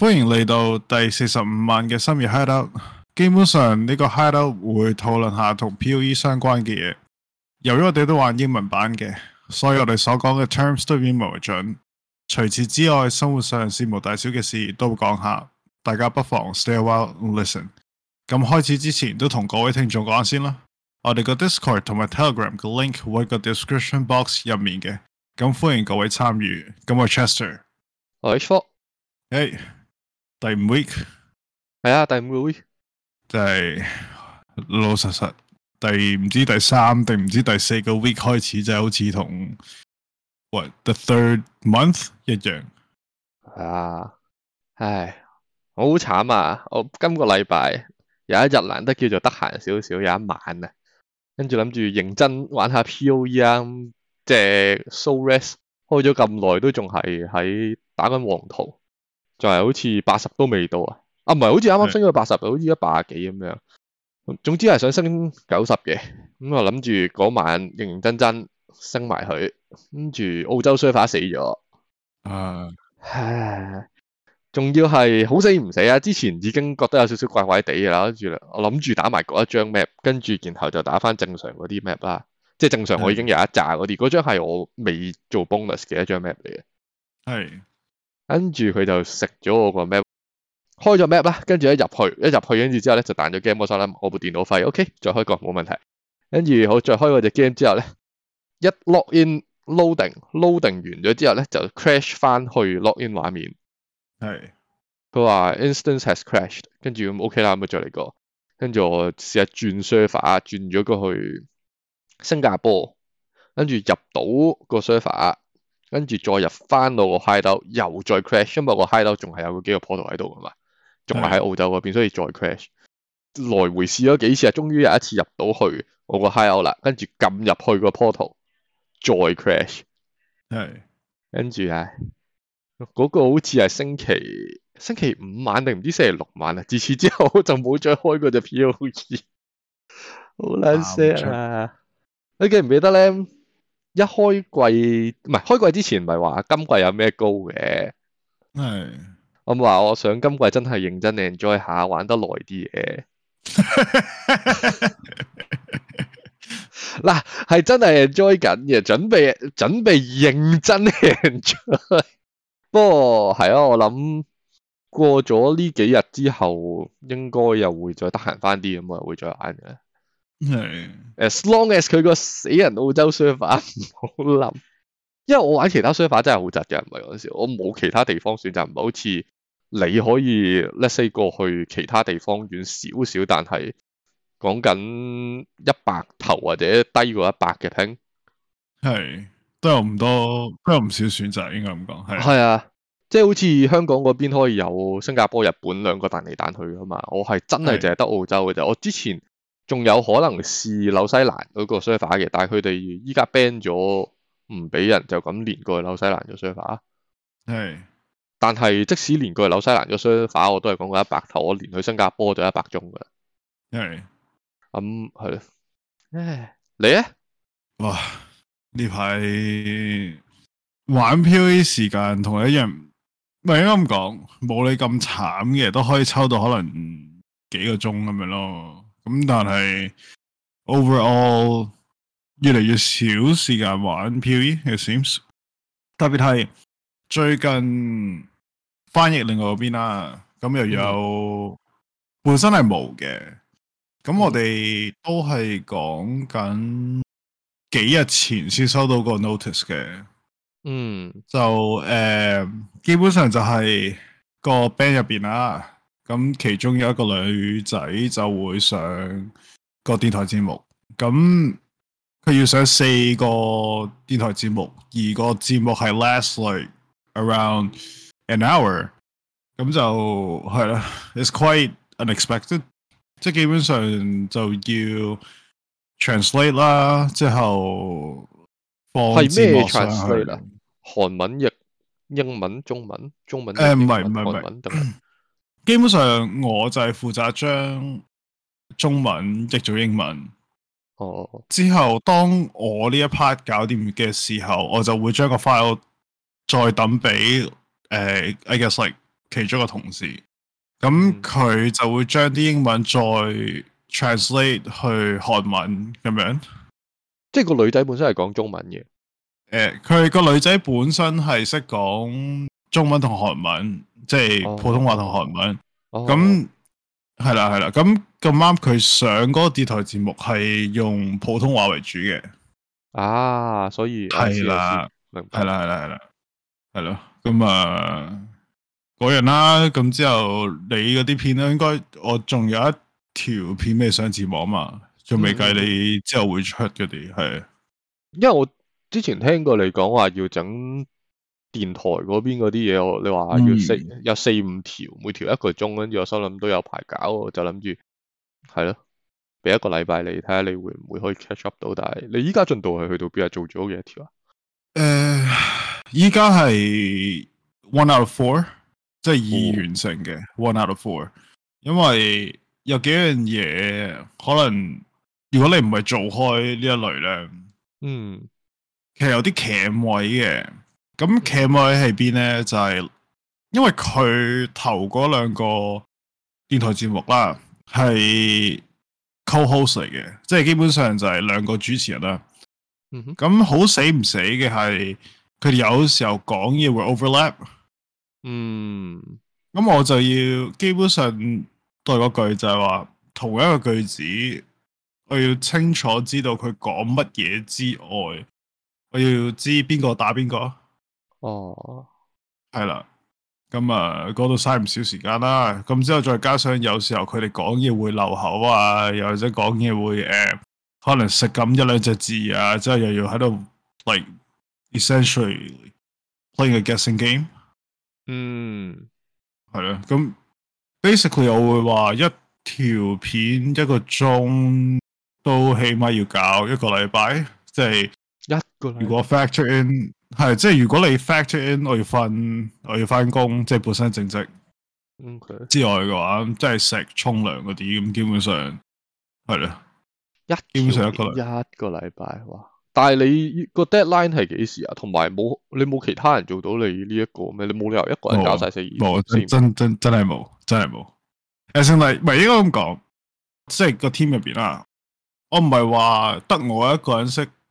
歡迎嚟到第四十五萬嘅深夜 Hideout 基本上呢個 Hideout 會討論下同 PoE 相關嘅嘢。由於我哋都玩英文版嘅，所以我哋所講嘅 terms 都以英文為準。除此之外，生活上事無大小嘅事都會講下。大家不妨 stay well and listen。咁開始之前都同各位聽眾講先啦。我哋個 Discord 同埋 Telegram 嘅 link 會喺個 description box 入面嘅。咁歡迎各位參與。咁我 Chester，我係第五 week，係啊，第五個 week，就係老實實，第唔知第三定唔知第四個 week 開始，就是、好似同 what the third month 一樣。係啊，唉，好慘啊！我今個禮拜有一日難得叫做得閒少少，有一晚啊，跟住諗住認真玩下 P.O.E 啊，嗯、即係 Soul Rest 開咗咁耐都仲係喺打緊黃圖。就係好似八十都未到啊！啊唔係，好似啱啱升咗八十，好似一百幾咁樣。總之係想升九十嘅，咁、嗯、我諗住嗰晚認認真真升埋佢，跟住澳洲 server 死咗啊！仲、uh，要係好死唔死啊！之前已經覺得有少少怪怪地啦，跟住我諗住打埋嗰一張 map，跟住然後就打返正常嗰啲 map 啦。即係正常，我已經有一紮嗰啲，嗰張係我未做 bonus 嘅一張 map 嚟嘅。係。跟住佢就食咗我個 map，開咗 map 啦，跟住一入去，一入去跟住之後咧就彈咗 game，我心諗，我部電腦廢，OK，再開個冇問題。跟住好，再開嗰隻 game 之後咧，一 log in loading，loading load 完咗之後咧就 crash 翻去 log in 畫面。係，佢話 instance has crashed，跟住咁 OK 啦，咁啊再嚟個，跟住我試下轉 server 啊，轉咗過去新加坡，跟住入到個 server。跟住再入翻到個 high 兜，又再 crash，因為個 high 兜仲係有個幾個 portal 喺度噶嘛，仲係喺澳洲嗰邊，所以再 crash，來回試咗幾次啊，終於有一次入到去我個 high 兜啦，跟住撳入去個 portal 再 crash，係，跟住啊嗰、嗰個好似係星期星期五晚定唔知星期六晚啊。自此之後就冇再開過隻 POE 好似好冷聲啊！你、okay, 記唔記得咧？一開季唔係開季之前，唔係話今季有咩高嘅，係、嗯、咁我話我想今季真係認真地 enjoy 下，玩得耐啲嘅。嗱 係 真係 enjoy 緊嘅，準備準備認真 enjoy。不過係咯、啊，我諗過咗呢幾日之後，應該又會再得閒翻啲咁啊，又會再玩嘅。係 as long as 佢個死人澳洲 server 唔好諗，因為我玩其他 server 真係好窒嘅，唔係陣時我冇其他地方選擇，唔係好似你可以 let's say 過去其他地方遠少少，但係講緊一百頭或者低過一百嘅 ping，係都有唔多，都有唔少選擇，應該咁講，係係啊，即係好似香港嗰邊可以有新加坡、日本兩個彈嚟彈去噶嘛，我係真係淨係得澳洲嘅啫，我之前。仲有可能試紐西蘭嗰個 server 嘅，但係佢哋依家 ban 咗，唔俾人就咁連過去紐西蘭嘅 server 啊。係，但係即使連過去紐西蘭嘅 server，我都係講過一百頭，我連去新加坡就一百鐘噶啦。係，咁係咯。誒，yeah。你咧？哇！呢排玩 PoE 時間同我一樣，咪應該咁講，冇你咁慘嘅，都可以抽到可能幾個鐘咁樣咯。咁但係 overall 越嚟越少時間玩 PoE，it seems 特，特別係最近翻譯另外嗰邊啦，咁又有、嗯、本身係冇嘅，咁我哋都係講緊幾日前先收到個 notice 嘅。嗯，就誒、呃，基本上就係個 ban 入邊啦。咁其中有一個女仔就會上個電台節目，咁佢要上四個電台節目，而個節目係 last like around an hour，咁就係啦，it's quite unexpected，即係基本上就要 translate 啦，之後放字幕上去啦，韓文、譯、英文、中文、中文，誒唔係唔係唔係。 基本上我就係負責將中文譯做英文，哦。之後當我呢一 part 搞掂嘅時候，我就會將個 file 再等俾誒，I guess like 其中一個同事。咁佢、嗯、就會將啲英文再 translate 去韓文咁樣。即係個女仔本身係講中文嘅。誒、呃，佢個女仔本身係識講中文同韓文。即係普通話同韓文，咁係啦係啦，咁咁啱佢上嗰個電台節目係用普通話為主嘅，啊，所以係啦，係啦係啦係啦，係咯，咁啊，嗰日啦，咁、嗯、之後你嗰啲片咧，應該我仲有一條片咩？上字幕啊嘛，仲未計你之後會出嗰啲係，因為我之前聽過你講話要整。電台嗰邊嗰啲嘢，你話要四、嗯、有四五條，每條一個鐘，跟住，我心諗都有排搞，我就諗住係咯，俾一個禮拜你睇下，看看你會唔會可以 catch up 到？但係你依家進度係去到邊啊？做咗幾條啊？誒、呃，依家係 one out of four，即係已完成嘅、哦、one out of four，因為有幾樣嘢可能，如果你唔係做開呢一類咧，嗯，其實有啲鉗位嘅。咁 c a m e 喺邊咧？就係、是、因為佢頭嗰兩個電台節目啦，係 co-host 嚟嘅，即係基本上就係兩個主持人啦。咁、嗯、好死唔死嘅係佢哋有時候講嘢會 overlap。嗯，咁我就要基本上對嗰句就係話，同一個句子，我要清楚知道佢講乜嘢之外，我要知邊個打邊個。哦、oh.，係啦，咁啊，嗰度嘥唔少時間啦。咁之後再加上有時候佢哋講嘢會漏口啊，又或者講嘢會誒、呃，可能食咁一兩隻字啊，之、就、後、是、又要喺度，like essentially play a guessing game。嗯、mm.，係啦，咁 basically 我會話一條片一個鐘都起碼要搞一個禮拜，即係一個。如果 factor in。係，即係如果你 factor in，我要瞓，我要翻工，即係本身正職之外嘅話，okay. 即係食、沖涼嗰啲，咁基本上係啦，一基本上一個一個禮拜哇！但係你個 deadline 係幾時啊？同埋冇你冇其他人做到你呢、這、一個咩？你冇理由一個人搞晒四二四，真真真係冇，真係冇。誒，兄弟，唔係應該咁講，即、就、係、是、個 team 入邊啊，我唔係話得我一個人識。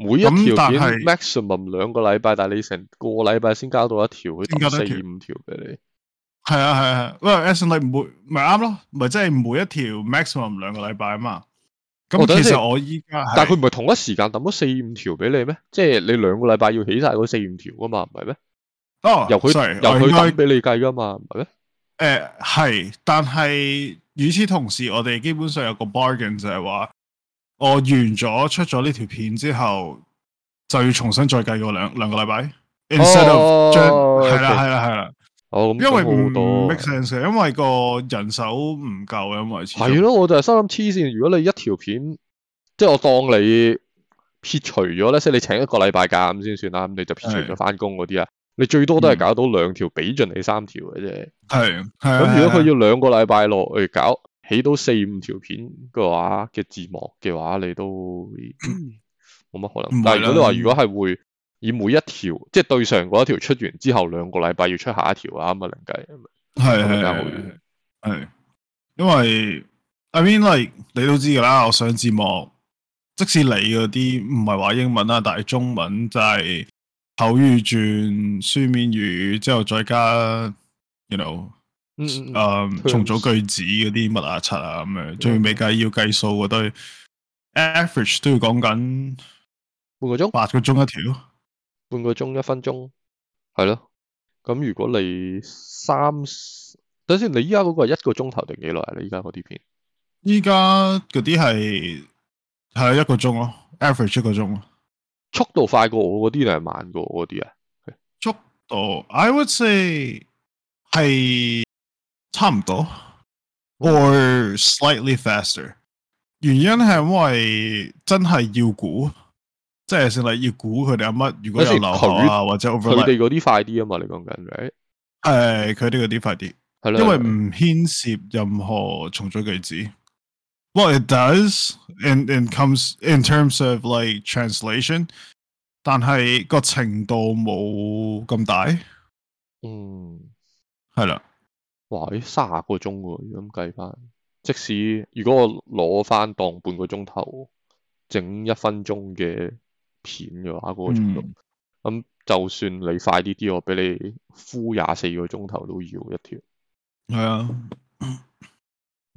每一條片 maximum 兩個禮拜，但你成個禮拜先交到一條，佢抌四五條俾你。係啊係啊，因為 S N 你每咪啱咯，咪即係每一條 maximum 兩個禮拜啊嘛。咁其實我依家但係佢唔係同一時間抌咗四五條俾你咩？即、就、係、是、你兩個禮拜要起晒嗰四五條噶嘛，唔係咩？哦、oh,，sorry, 由佢由佢抌俾你計噶嘛，唔係咩？誒、呃、係，但係與此同時，我哋基本上有個 bargain 就係話。我完咗出咗呢條片之後，就要重新再計個兩兩個禮拜、oh,，instead of 即係係啦係啦係啦。哦、okay.，okay. oh, 因為冇到、oh,，make sense 因為個人手唔夠，因為係咯，我就係心諗黐線。如果你一條片，即係我當你撇除咗咧，即係你請一個禮拜假咁先算啦，咁你就撇除咗翻工嗰啲啦。你最多都係搞到兩條俾盡、嗯、你三條嘅啫。係，係咁、嗯。如果佢要兩個禮拜落去搞。睇到四五條片嘅話嘅字幕嘅話，你都冇乜可能。但係如果你話，如果係會以每一條，即係對上嗰一條出完之後兩個禮拜要出下一條啊，咁啊，零計係係係，因為 I mean，因為，like，你都知㗎啦，我上字幕，即使你嗰啲唔係話英文啦，但係中文就係口語轉書面語之後再加，you know。嗯，誒、嗯，重組句子嗰啲乜啊、七啊咁樣，最尾計要計數嗰堆，average 都要講緊半個鐘，八個鐘一條，半個鐘一分鐘，係咯。咁如果你三四等先，你依家嗰個一個鐘頭定幾耐？啊？你依家嗰啲片，依家嗰啲係係一個鐘咯、啊、，average 一個鐘，速度快過我嗰啲定係慢過我嗰啲啊？速度，速度，I would say 係。差唔多，or slightly faster。原因係因為真係要估，即係先嚟要估佢哋有乜。如果有留學啊或者佢哋嗰啲快啲啊嘛，你講緊 right? 誒，佢哋嗰啲快啲，係啦。因為唔牽涉任何重組句子。Well it does, in in comes in terms of like translation，但係個程度冇咁大。嗯，係啦。哇！咦，卅個鐘喎，咁計翻，即使如果我攞翻當半個鐘頭，整一分鐘嘅片嘅話，嗰、那個鐘頭，咁、嗯、就算你快啲啲，我俾你敷廿四個鐘頭都要一條。係啊、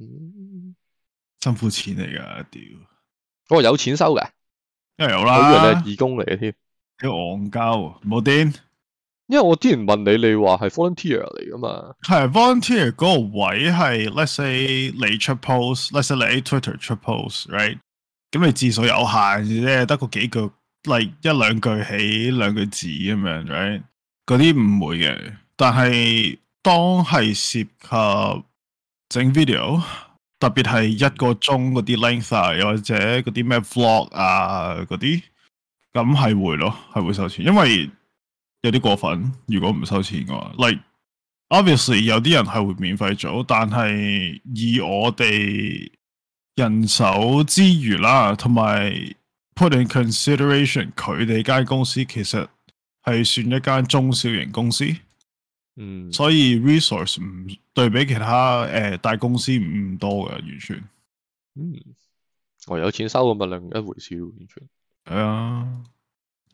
嗯，辛苦錢嚟噶，屌，我、哦、有錢收嘅，因為有啦，佢哋係義工嚟嘅添，佢戇鳩，冇癲。因為我之前問你，你話係 volunteer 嚟噶嘛？係 volunteer 嗰個位係，let's say 你出 post，let's say 你 twitter 出 post，right？咁你字數有限，啫得個幾句，例如一兩句起，兩句字咁樣，right？嗰啲唔會嘅。但係當係涉及整 video，特別係一個鐘嗰啲 length 啊，又或者嗰啲咩 vlog 啊嗰啲，咁係會咯，係會收錢，因為。有啲過分，如果唔收錢嘅話 l、like, obviously 有啲人係會免費做，但係以我哋人手之餘啦，同埋 put in consideration 佢哋間公司其實係算一間中小型公司，嗯，所以 resource 唔對比其他誒、呃、大公司唔多嘅完全，嗯，我有錢收咁咪另一回事完全，係啊。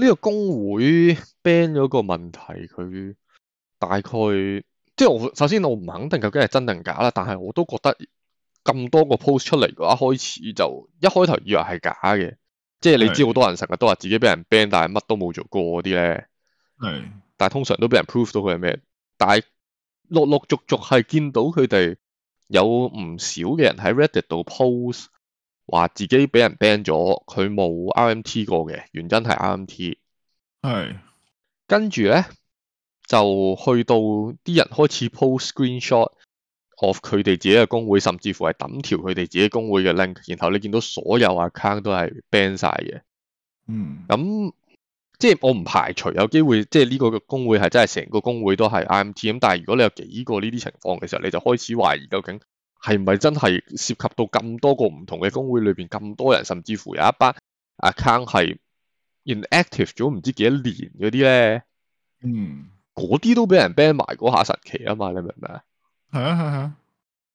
呢個工會 ban 咗個問題，佢大概即係我首先我唔肯定究竟係真定假啦，但係我都覺得咁多個 post 出嚟嘅話，一開始就一開頭以為係假嘅，即係你知好多人成日都話自己俾人 ban，但係乜都冇做過啲咧，係，但係通常都俾人 proof 到佢係咩，但係陸陸續續係見到佢哋有唔少嘅人喺 Reddit 度 post。話自己俾人 ban 咗，佢冇 RMT 過嘅，原因係 RMT。係，跟住咧就去到啲人開始 post screenshot of 佢哋自己嘅工會，甚至乎係抌條佢哋自己工會嘅 link，然後你見到所有 account 都係 ban 晒嘅。嗯，咁即係我唔排除有機會，即係呢個嘅工會係真係成個工會都係 RMT。咁但係如果你有幾個呢啲情況嘅時候，你就開始懷疑究竟。係咪真係涉及到咁多個唔同嘅公會裏面咁多人，甚至乎有一班 account 係 inactive 咗唔知幾多年嗰啲咧？嗯，嗰啲都俾人 ban 埋嗰下神奇啊嘛！你明唔明啊？係啊係啊，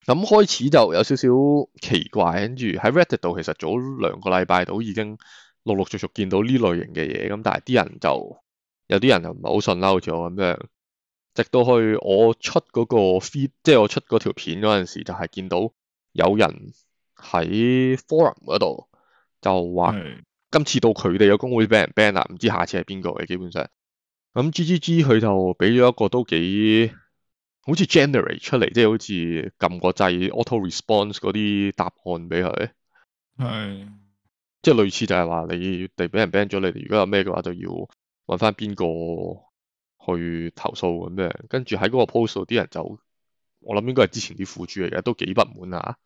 咁開始就有少少奇怪，跟住喺 Reddit 度其實早兩個禮拜度已經陸陸續續見到呢類型嘅嘢，咁但係啲人就有啲人就唔係好信嬲咗咁樣。直到去我出嗰個 feed，即係我出嗰條片嗰陣時，就係、係、見到有人喺 forum 嗰度就話：今次到佢哋有公會俾人 ban 啦，唔知下次係邊個嘅？基本上咁 GGG 佢就俾咗一個都幾好似 generate 出嚟、係，即係好似撳個掣 auto response 嗰啲答案俾佢。即係類似就係話你哋俾人 ban 咗，你哋如果有咩嘅話，就要搵翻邊個。去投訴咁樣，跟住喺嗰個 post 度啲人就，我諗應該係之前啲苦主嚟嘅，都幾不滿啊。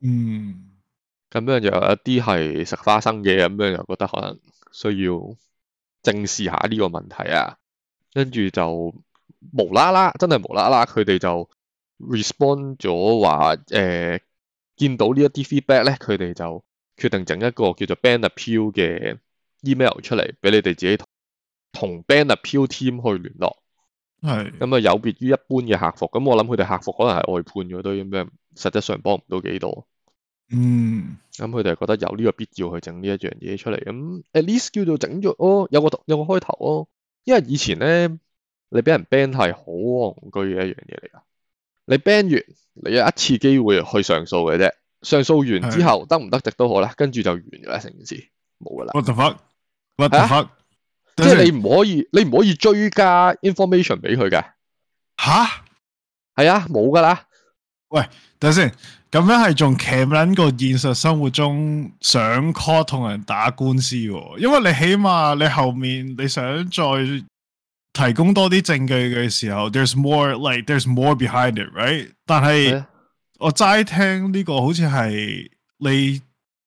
嗯，咁樣就有一啲係食花生嘅，咁樣又覺得可能需要正視下呢個問題啊。跟住就無啦啦，真係無啦啦，佢哋就 respond 咗話，誒、呃、見到呢一啲 feedback 咧，佢哋就決定整一個叫做 ban appeal 嘅 email 出嚟俾你哋自己，同 ban 啊、漂 team 去聯絡，係咁啊，有別於一般嘅客服。咁、嗯、我諗佢哋客服可能係外判咗，堆咁樣，實質上幫唔到幾多。嗯，咁佢哋係覺得有呢個必要去整呢一樣嘢出嚟。咁 at least 叫做整咗哦，有個有個開頭哦。因為以前咧，你俾人 ban 係好戇居嘅一樣嘢嚟噶。你 ban 完，你有一次機會去上訴嘅啫。上訴完之後，得唔得值都好啦，跟住就完噶啦，成件事冇噶啦。What 即係你唔可以，等等你唔可以追加 information 俾佢嘅。吓，係啊，冇噶啦。喂，等先，咁樣係仲企緊個現實生活中想 call 同人打官司，因為你起碼你後面你想再提供多啲證據嘅時候、嗯、，there's more like there's more behind it，right？但係我齋聽呢個好似係你。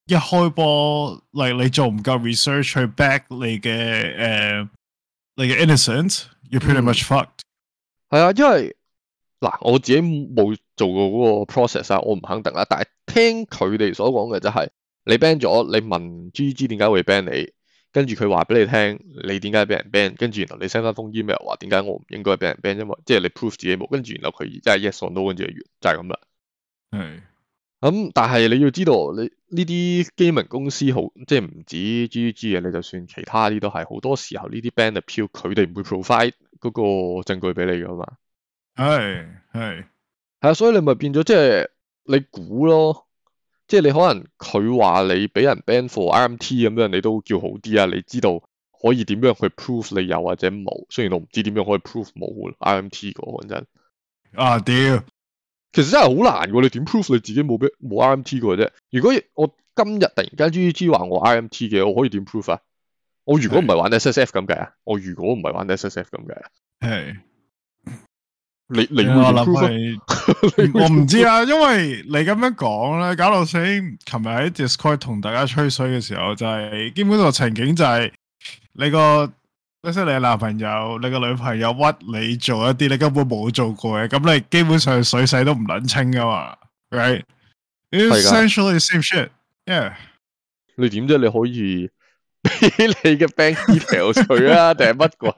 一開波，例如你做唔夠 research 去 back 你嘅誒，uh, 你嘅 innocence, you're pretty much fucked、嗯。係啊，因為嗱，我自己冇做過嗰個 process 啊，我唔肯定啦。但係聽佢哋所講嘅就係、是，你 ban 咗，你問 G G 點解會 ban 你，跟住佢話俾你聽，你點解俾人 ban，跟住然後你 send 翻封 email 話點解我唔應該俾人 ban，因為即係你 prove 自己冇，跟住、yes no, 然後佢真係 yes or no，跟住就完就係咁啦。係、就是。咁、嗯、但係你要知道，你呢啲 gaming 公司好，即係唔止 GG 啊，你就算其他啲都係，好多時候呢啲 ban appeal，佢哋唔會 provide 嗰個證據俾你噶嘛？係係係啊，所以你咪變咗即係你估咯，即係你可能佢話你俾人 ban for RMT 咁樣，你都叫好啲啊？你知道可以點樣去 prove 你有或者冇？雖然我唔知點樣可以 prove 冇 RMT 嗰，講真啊屌！其實真係好難噶，你點 proof 你自己冇咩冇 RMT 噶啫？如果我今日突然間 GGG 話我 RMT 嘅，我可以點 proof 啊？我如果唔係玩 SSF 咁嘅，啊？我如果唔係玩 SSF 咁嘅？係，你你我 p r 我唔知啊，因為你咁樣講咧，搞到師琴日喺 Discord 同大家吹水嘅時候，就係、是、基本上情景就係、是、你個。即你嘅男朋友、你嘅女朋友屈你做一啲你根本冇做過嘅，咁你基本上水洗都唔捻清噶嘛，係、right?Essentially same shit，yeah。你點啫？你可以俾你嘅 bank detail 水啊，定係乜鬼？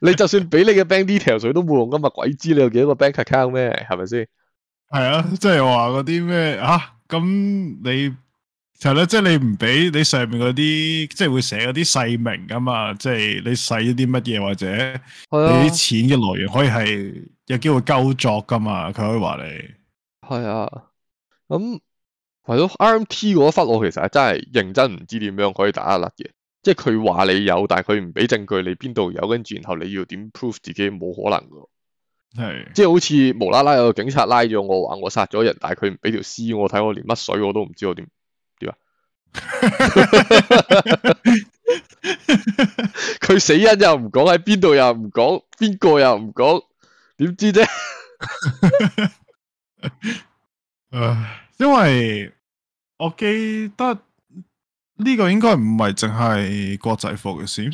你就算俾你嘅 bank detail 水都冇用噶嘛？鬼知你有幾多個 bank account 咩啊？係咪先？係啊，即係我話嗰啲咩啊？咁你。就係咧，即係你唔俾你上面嗰啲，即係會寫嗰啲細名噶嘛，即係你寫啲乜嘢或者你啲錢嘅來源可以係有機會鳩作噶嘛，佢、啊、可以話你係啊，咁係咯，RMT 嗰忽我其實真係認真唔知點樣可以打一甩嘢，即係佢話你有，但係佢唔俾證據你邊度有，跟住然後你要點 prove 自己冇可能噶，係，即係好似無啦啦有個警察拉咗我話我殺咗人，但係佢唔俾條屍我睇，我連乜水我都唔知我點。佢 死因又唔講，喺邊度又唔講，邊個又唔講，點知啫？唉 ，uh，因為我記得呢個應該唔係淨係國際服嘅事，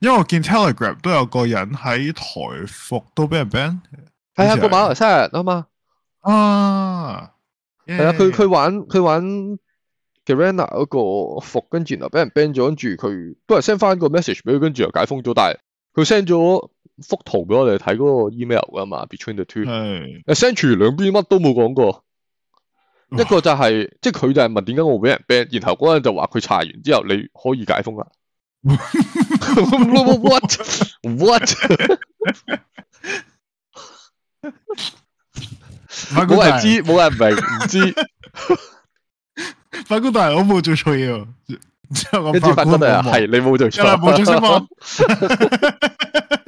因為我見 Telegram 都有個人喺台服都俾人 ban，睇下，個馬來西亞人啊嘛，啊，係 啊，佢佢玩佢玩。Serena 嗰個服，跟住然後俾人 ban 咗，跟住佢都係 send 翻個 message 俾佢，跟住又解封咗。但係佢 send 咗幅圖俾我哋睇嗰個 email 㗎嘛。Between the two，send 住兩邊乜都冇講過。一個就係即係佢就係問點解我俾人 ban，然後嗰陣就話佢查完之後你可以解封啦。What？What？冇人知，冇人明，唔知。法官大人，我冇做錯嘢。法官大人係，你冇做錯。冇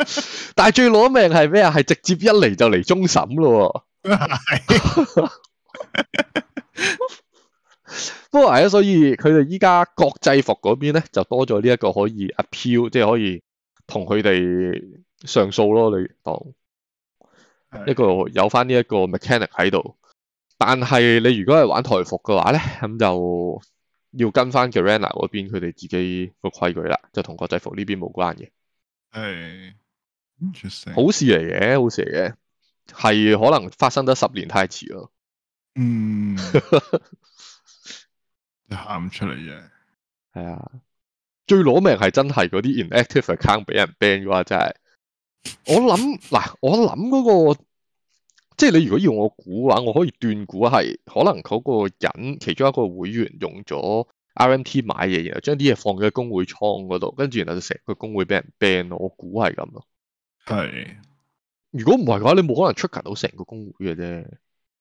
但係最攞命係咩啊？係直接一嚟就嚟終審咯。 不過哎所以佢哋依家國際服嗰邊咧，就多咗呢一個可以 appeal，即係可以同佢哋上訴咯。你當一個有翻呢一個 mechanic 喺度。但係你如果係玩台服嘅話咧，咁就要跟翻 Garena 嗰邊佢哋自己個規矩啦，就同國際服呢邊冇關嘅。係、hey，好事嚟嘅，好事嚟嘅，係可能發生咗十年太遲咯。嗯、mm, 喊唔出嚟嘅。係啊，最攞命係真係嗰啲 inactive account 俾人 ban 嘅話，真係。我諗嗱，我諗嗰、嗰個。即係你如果要我估嘅話，我可以斷估係可能嗰個人其中一個會員用咗 RMT 買嘢，然後將啲嘢放咗喺工會倉嗰度，跟住然後就成個工會俾人 ban 咯。我估係咁咯。係。如果唔係嘅話，你冇可能出勤到成個工會嘅啫。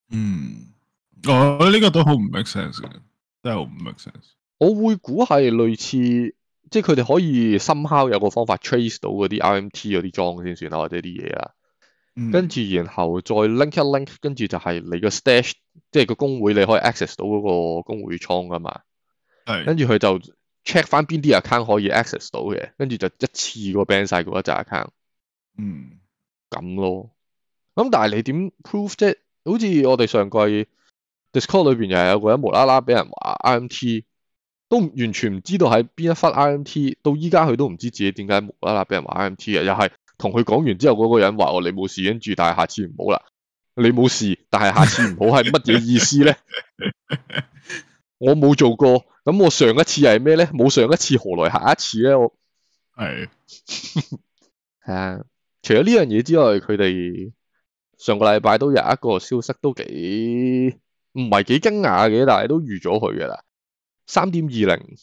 嗯，我、哦、呢、這個都好唔 make sense 嘅，都好唔 make sense。我會估係類似，即係佢哋可以 somehow 有個方法 trace 到嗰啲 RMT 嗰啲裝先算啦，或者啲嘢啦。跟、嗯、住，然後再 link 一 link，跟住就係你個 stash，即係個工會，你可以 access 到嗰個工會倉噶嘛。係、嗯。跟住佢就 check 翻邊啲 account 可以 access 到嘅，跟住就一次過 ban 晒嗰一扎 account。嗯。咁咯。咁但係你點 prove 啫？好似我哋上季 Discord 裏邊又有個人無啦啦俾人話 RMT，都完全唔知道喺邊一忽 RMT，到依家佢都唔知自己點解無啦啦俾人話 RMT 嘅，又係。同佢講完之後，嗰個人話我你冇事，跟住但係下次唔好啦。你冇事，但係下次唔好係乜嘢意思咧？我冇做過，咁我上一次係咩咧？冇上一次，何來下一次咧？我係係 啊。除咗呢樣嘢之外，佢哋上個禮拜都有一個消息都，都幾唔係幾驚訝嘅，但係都預咗佢噶啦。三點二零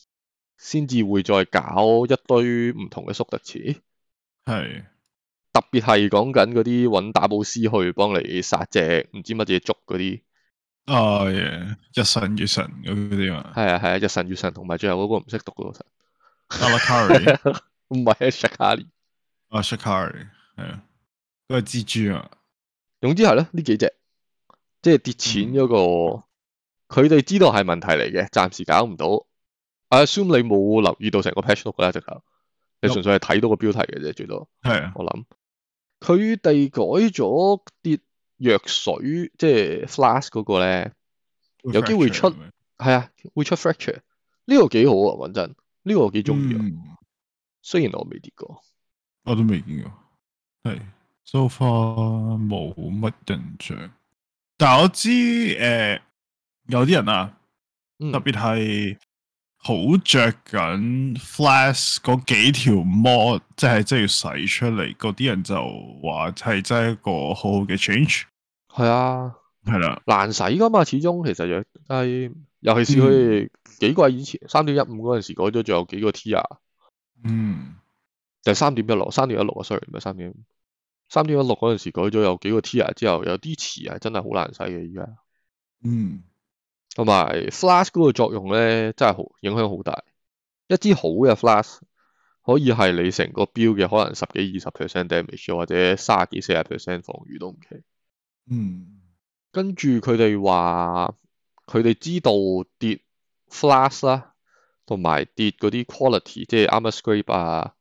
先至會再搞一堆唔同嘅縮特詞，係。特別係講緊嗰啲搵打寶師去幫你殺隻唔知乜嘢捉嗰啲，啊耶！日神月神嗰啲嘛，係啊係啊，日神月神同埋最後嗰、嗰個唔識讀嘅老神，Alakari 唔係啊 Shakari、oh, 啊 Shakari 係都係蜘蛛啊。總之係咧呢幾隻，即係跌錢嗰、嗰個，佢、嗯、哋知道係問題嚟嘅，暫時搞唔到。I、assume 你冇留意到成個 patch 度嘅直頭，你純粹係睇到個標題嘅啫，最多係、嗯、我諗。佢哋改咗啲藥水，即係 flask 嗰個咧，fracture，有機會出係啊，會出 fracture 呢個幾好啊，穩陣，呢個我幾中意啊。雖然我未跌過，我都未見過，係 so far 冇乜印象，但我知誒、呃，有啲人啊，特別係，嗯好着緊 Flash 嗰幾條 mod，即係即係要洗出嚟，嗰啲人就話係真係一個好好嘅 change。係啊，係啦，啊，難洗噶嘛，始終其實又係，尤其是佢幾季以前，三點一五嗰陣時改咗，仲有幾個 tier。嗯。但三點一六，三點一六啊，sorry 唔係三點，三點一六嗰陣時改咗有幾個 tier 之後，有啲詞係真係好難洗嘅，依家。嗯。同埋，flask 嗰個作用咧，真係好影響好大。一支好嘅 flask 可以係你成個 build 嘅可能十幾二十 percent damage，或者三十幾四十 percent 防禦都唔奇。嗯，跟住佢哋話，佢哋知道跌 flask 啦，同埋跌嗰啲 quality，即係 armour scrap 啊、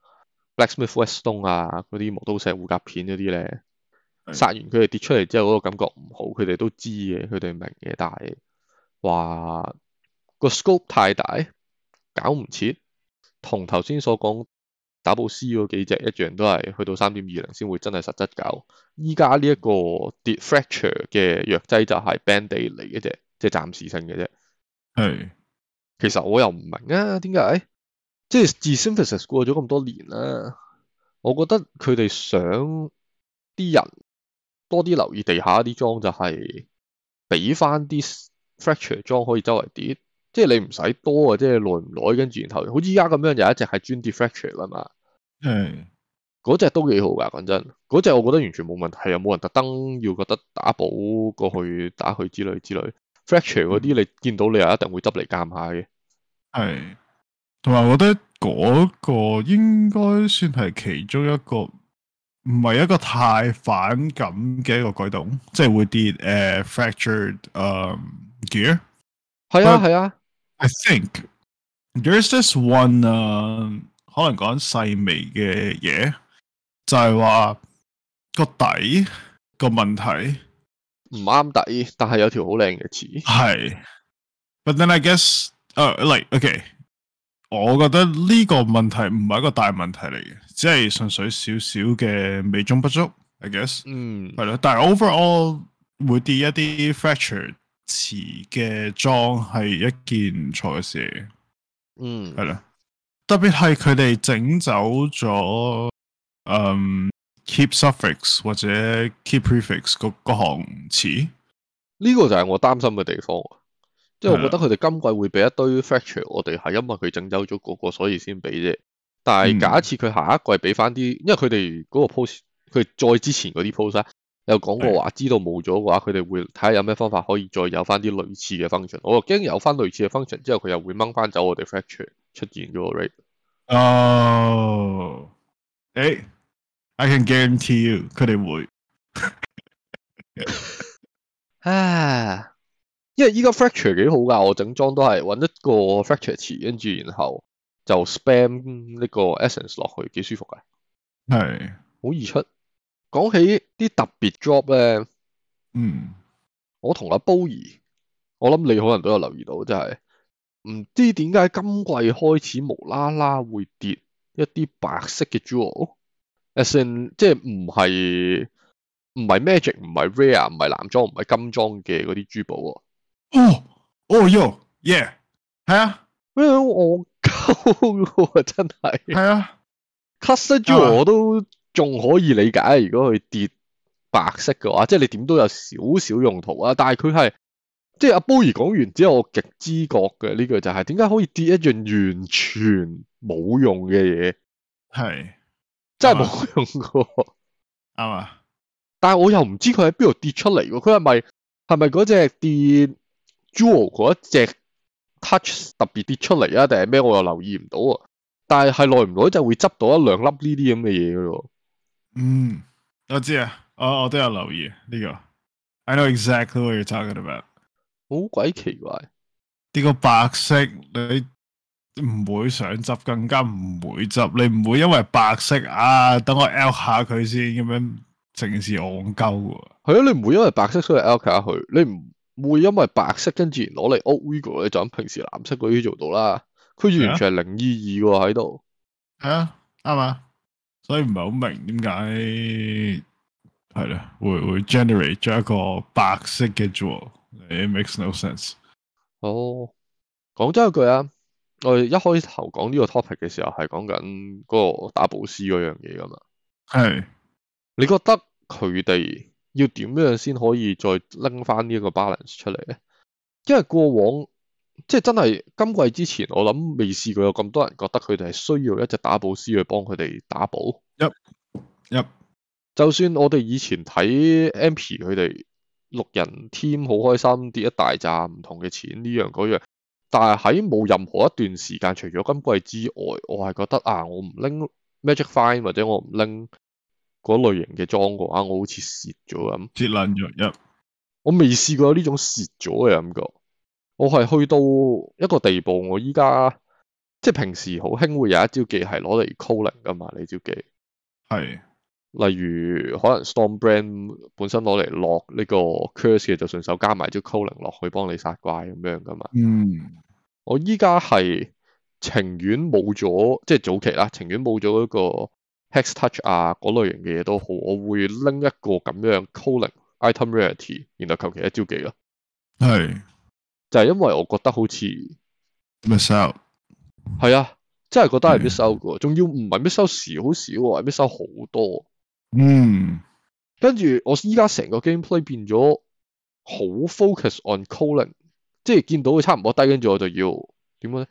blacksmith whetstone 啊嗰啲磨刀石護甲片嗰啲咧，殺完佢哋跌出嚟之後嗰、嗰個感覺唔好，佢哋都知嘅，佢哋明嘅，但係。話個 scope 太大，搞唔切，同頭先所講打 boss 嗰幾隻一樣，都係去到三點二零先會真係實質搞現在這而。依家呢一個跌 fracture 嘅藥劑就係 band-aid 嚟嘅，只即係暫時性嘅啫。係、嗯，其實我又唔明啊，點解？即、就、係、是、自 Synthesis 過咗咁多年啦、啊，我覺得佢哋想啲人多啲留意地下啲裝，就係俾翻啲。fracture 裝可以周圍跌，即係你唔使多啊，即係耐唔耐跟住，然後好似依家咁樣就有一隻係專啲 fracture 啦嘛。係，嗰隻都幾好噶，講真，嗰隻我覺得完全冇問題，又冇人特登要覺得打寶過去、mm. 打佢之類之類。fracture 嗰、mm. 啲你見到你又一定會執嚟鑑下嘅。係，同埋我覺得嗰個應該算係其中一個唔係一個太反感嘅一個舉動，即、就、係、是、會跌誒 fracture 誒。Uh, Dear？係啊係啊。I think there is this one，、uh, 可能講細微嘅嘢，就係、是、話個底個問題唔啱底，但係有條好靚嘅詞。係，but then I guess，誒、oh, 嚟、like,，OK。我覺得呢個問題唔係一個大問題嚟嘅，只係純粹少少嘅美中不足。I guess，嗯，係咯。但係 overall 會跌一啲 fracture。詞嘅裝係一件錯事。嗯，係啦，特別係佢哋整走咗，嗯，um，keep suffix 或者 keep prefix 嗰行詞，呢個就係我擔心嘅地方，即係我覺得佢哋今季會俾一堆 fracture，我哋係因為佢整走咗嗰個所以先俾啫，但係假設佢下一季係俾翻啲，因為佢哋嗰個 post 佢再之前嗰啲 post 有講過話，知道冇咗嘅話，佢哋會睇下有咩方法可以再有翻啲類似嘅 function。我又驚有翻類似嘅 function 之後，佢又會掹翻走我哋 fracture 出現咗個 rate。哦，誒，I can guarantee you，佢哋會。啊，因為依個 fracture 幾好㗎，我整裝都係揾一個 fracture 詞，跟住然後就 spam 呢個 essence 落去，幾舒服㗎。係。好易出。講起啲特別 job 咧，嗯，我同阿煲兒，我諗你可能都有留意到，真係唔知點解今季開始無啦啦會跌一啲白色嘅珠寶 as in，即係唔係，唔係 magic，唔係 rare，唔係藍裝，唔係金裝嘅嗰啲珠寶。哦哦喲，yeah，係啊、嗯，我溝真係係啊 cursed jewel 都。仲可以理解，如果佢跌白色嘅話，即係你點都有少少用途啊。但係佢係即係阿波兒講完之後，我極知覺嘅呢個就係點解可以跌一樣完全冇用嘅嘢？係真係冇用過啱啊， 啊，啊！但係我又唔知佢喺邊度跌出嚟。佢係咪係咪嗰隻跌 Jo 嗰一隻 Touch 特別跌出嚟啊？定係咩？我又留意唔到啊。但係係耐唔耐就會執到一兩粒呢啲咁嘅嘢噶咯。嗯，我知啊，我我都有留意呢個。I know exactly what you're talking about。好鬼奇怪，呢個白色你唔會想執，更加唔會執。你唔會因為白色啊，等我 L 下佢先咁樣，成件事戇鳩。係啊，你唔會因為白色所以 L 下佢，你唔會因為白色跟住攞嚟 O 呢個，你就咁平時藍色嗰啲做到啦。佢完全係零意義喎喺度。係啊，啱啊。所以唔係好明點解係會會 generate 咗一個白色嘅柱，It makes no sense。哦，講真一句啊，我哋一開頭講呢個 topic 嘅時候係講緊嗰個打保師嗰樣嘢噶嘛。係，你覺得佢哋要點樣先可以再拎翻呢一個 balance 出嚟咧？因為過往，即係真係今季之前，我諗未試過有咁多人覺得佢哋係需要一隻打寶師去幫佢哋打寶。入入，就算我哋以前睇 Empy 佢哋六人 team 好開心跌一大紮唔同嘅錢呢樣嗰樣，但係喺冇任何一段時間，除咗今季之外，我係覺得啊，我唔拎 Magic Find 或者我唔拎嗰類型嘅裝嘅話，我好似蝕咗咁，蝕爛咗入。Yep. 我未試過有呢種蝕咗嘅感覺。我係去到一個地步，我依家即係平時好興會有一招技係攞嚟 calling 噶嘛？呢招技係例如可能 Storm Brand 本身攞嚟落呢個 curse 嘅，就順手加埋招 calling 落去幫你殺怪咁樣噶嘛。嗯，我依家係情願冇咗即係早期啦，情願冇咗一個 hex touch 啊嗰類型嘅嘢都好，我會拎一個咁樣 calling item rarity，然後求其一招技囉。係。就係、是、因為我覺得好似 miss out，係啊，真係覺得係 miss out 嘅喎。仲、mm. 要唔係 miss out 時少少喎，miss out 好多。嗯，跟住我依家成個 gameplay 變咗好 focus on calling，即係見到佢差唔多低，跟住我就要點講咧？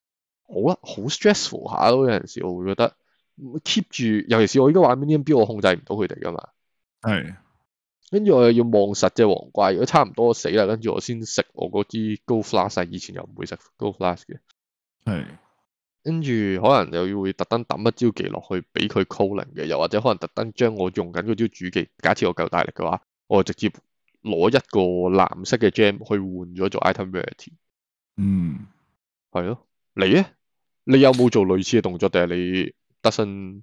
好啊，好 stressful 下咯。有陣時我會覺得 keep 住，尤其是我依家玩 minion build，我控制唔到佢哋㗎嘛。係、mm。跟住我又要望實隻黃怪，如果差唔多死啦，跟住我先食我嗰支高 flask。以前又唔會食高 flask 嘅，係，跟住可能又要會特登抌一招技落去俾佢 calling 嘅，又或者可能特登將我用緊嗰招主技，假設我夠大力嘅話，我就直接攞一個藍色嘅 gem 去換咗做 item rarity。嗯，係咯，你咧，你有冇做類似嘅動作？定係你得身，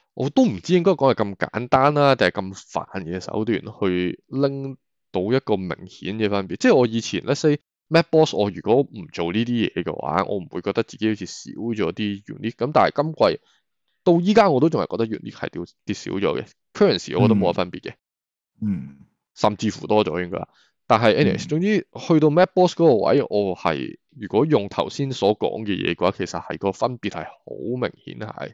我都唔知應該講係咁簡單啦、啊，定係咁煩嘅手段去拎到一個明顯嘅分別。即係我以前 let's say，MapBoss，我如果唔做呢啲嘢嘅話，我唔會覺得自己好似少咗啲 unique。咁但係今季到依家，我都仲係覺得 unique 係少咗嘅。Currency、嗯、我覺得冇乜分別嘅，嗯，甚至乎多咗應該。但係 anyways，總、嗯、之去到 MapBoss 嗰個位，我係如果用頭先所講嘅嘢嘅話，其實係個分別係好明顯係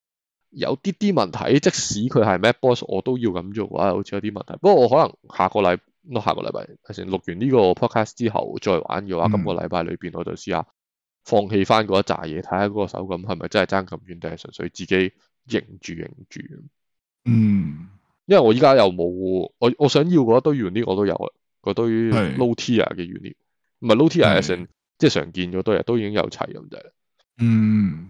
有啲啲問題，即使佢係 MacBook，我都要咁做嘅話，好似有啲問題，不過我可能下個禮，下個禮拜，等成錄完呢個 podcast 之後再玩嘅話，今、嗯呢個禮拜裏邊我就試下放棄翻嗰一揸嘢，睇下嗰個手感係咪真係爭咁遠，定係純粹自己認住認住。嗯，因為我依家又冇，我我想要嗰堆 unique 我都有啊，嗰堆 Low Tier 嘅 unique，唔係 Low Tier，係、嗯、剩即係常見咗堆嘢都已經有齊咁滯。嗯。Like, 嗯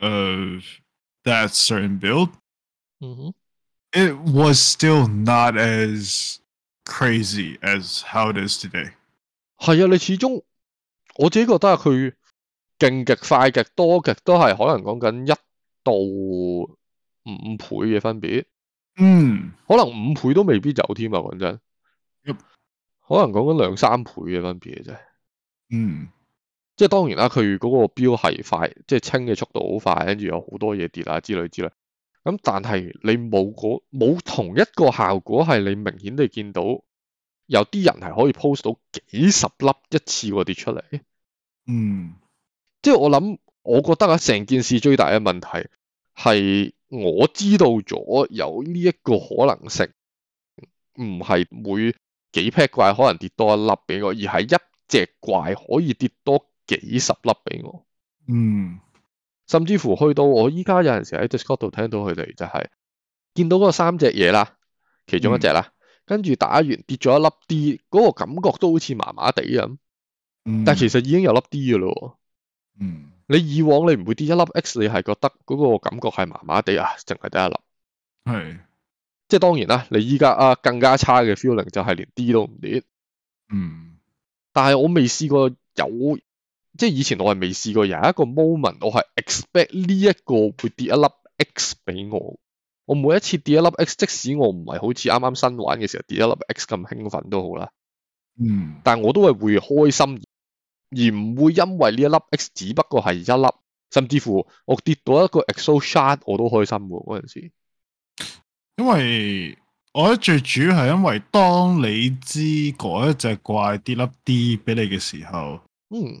Of that certain build, it was still not as crazy as how it is today. 係啊，你始終我自己覺得佢勁極快極多極都係可能講緊一到五倍嘅分別。嗯，可能五倍都未必有添啊！講真，可能講緊兩三倍嘅分別啫。嗯。即係當然啦，佢嗰個標係快，即係清嘅速度好快，跟住有好多嘢跌啊之類之類。咁但係你冇嗰冇同一個效果係，你明顯地見到有啲人係可以 post 到幾十粒一次過跌出嚟。嗯，即係我諗，我覺得啊，成件事最大嘅問題係我知道咗有呢一個可能性，唔係每幾劈怪，可能跌多一粒俾我，而係一隻怪可以跌多幾十粒俾我，嗯，甚至乎去到我依家有陣時喺 Discord 度聽到佢哋就係、是、見到嗰三隻嘢啦，其中一隻啦、嗯，跟住打完跌咗一粒 D，嗰個感覺都好似麻麻地咁。嗯，但係其實已經有粒 D 嘅咯，嗯，你以往你唔會跌一粒 X，你係覺得嗰個感覺係麻麻地啊，淨係得一粒係，即係當然啦。你依家啊更加差嘅 feeling 就係連 D 都唔跌，嗯，但係我未試過有。即係以前我係未試過，有一個 moment 我係 expect 呢一個會跌一粒 X 俾我。我每一次跌一粒 X，即使我唔係好似啱啱新玩嘅時候跌一粒 X 咁興奮都好啦。嗯。但係我都係會開心，而唔會因為呢一粒 X 只不過係一粒，甚至乎我跌到一個 Exalt Shard，我都開心嘅嗰陣時。因為我覺得最主要係因為當你知嗰一隻怪跌粒 D 俾你嘅時候，嗯。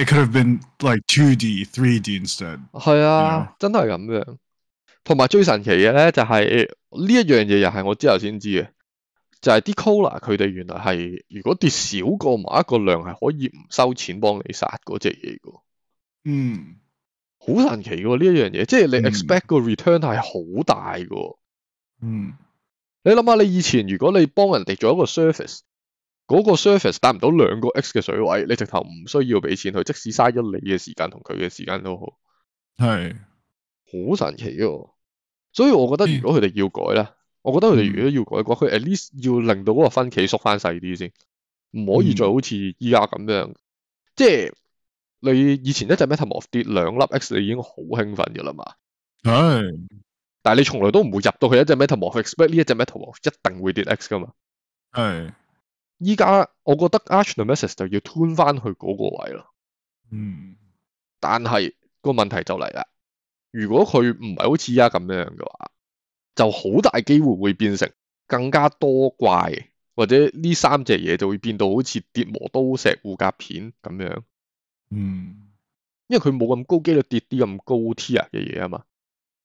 It could have been like two D, three D instead, you know? 係啊，真係咁樣。同埋最神奇嘅咧，就是，就係呢一樣嘢，又係我之後先知嘅，就係啲 caller 佢哋原來係如果跌少過某一個量，係可以唔收錢幫你殺嗰隻嘢噶。嗯，好神奇嘅呢一樣嘢，即係你 expect 個 return 係好大嘅。嗯，mm.，你諗下，你以前如果你幫人哋做一個 service 嗰、那個 surface 達唔到兩個 x 嘅水位，你直頭唔需要俾錢佢，即使嘥咗你嘅時間同佢嘅時間都好，係好神奇喎、哦。所以我覺得如果佢哋要改咧、嗯，我覺得佢哋如果要改嘅話，佢 at least 要令到嗰個分歧縮翻細啲先，唔可以再好似依家咁樣。嗯、即係你以前一隻 Metamorph 跌兩粒 x，你已經好興奮嘅啦嘛。係，但係你從來都唔會入到去一隻 Metamorph，expect 呢一隻 Metamorph 一定會跌 x 噶嘛。係。依家我覺得 Archnemesis 就要 turn 翻去嗰個位咯，嗯，但係個問題就嚟啦，如果佢唔係好似依家咁樣嘅話，就好大機會會變成更加多怪，或者呢三隻嘢就會變到好似跌磨刀石護甲片咁樣，嗯，因為佢冇咁高機率跌啲咁高 tier 嘅嘢啊嘛，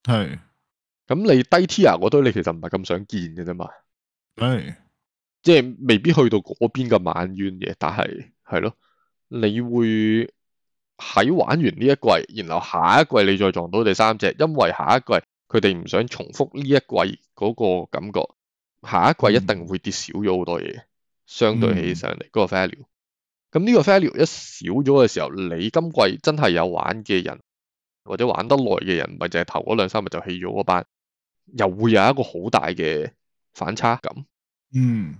係，咁你低 tier 嗰堆你其實唔係咁想見嘅啫嘛，係。.即係未必去到嗰邊嘅晚怨嘅，但係係咯，你會喺玩完呢一季，然後下一季你再撞到第三隻，因為下一季佢哋唔想重複呢一季嗰個感覺，下一季一定會跌少咗好多嘢、嗯，相對起上嚟嗰個 value 咁、嗯、呢個 value 一少咗嘅時候，你今季真係有玩嘅人，或者玩得耐嘅人，咪就係頭嗰兩三日就棄咗嗰班，又會有一個好大嘅反差咁，嗯。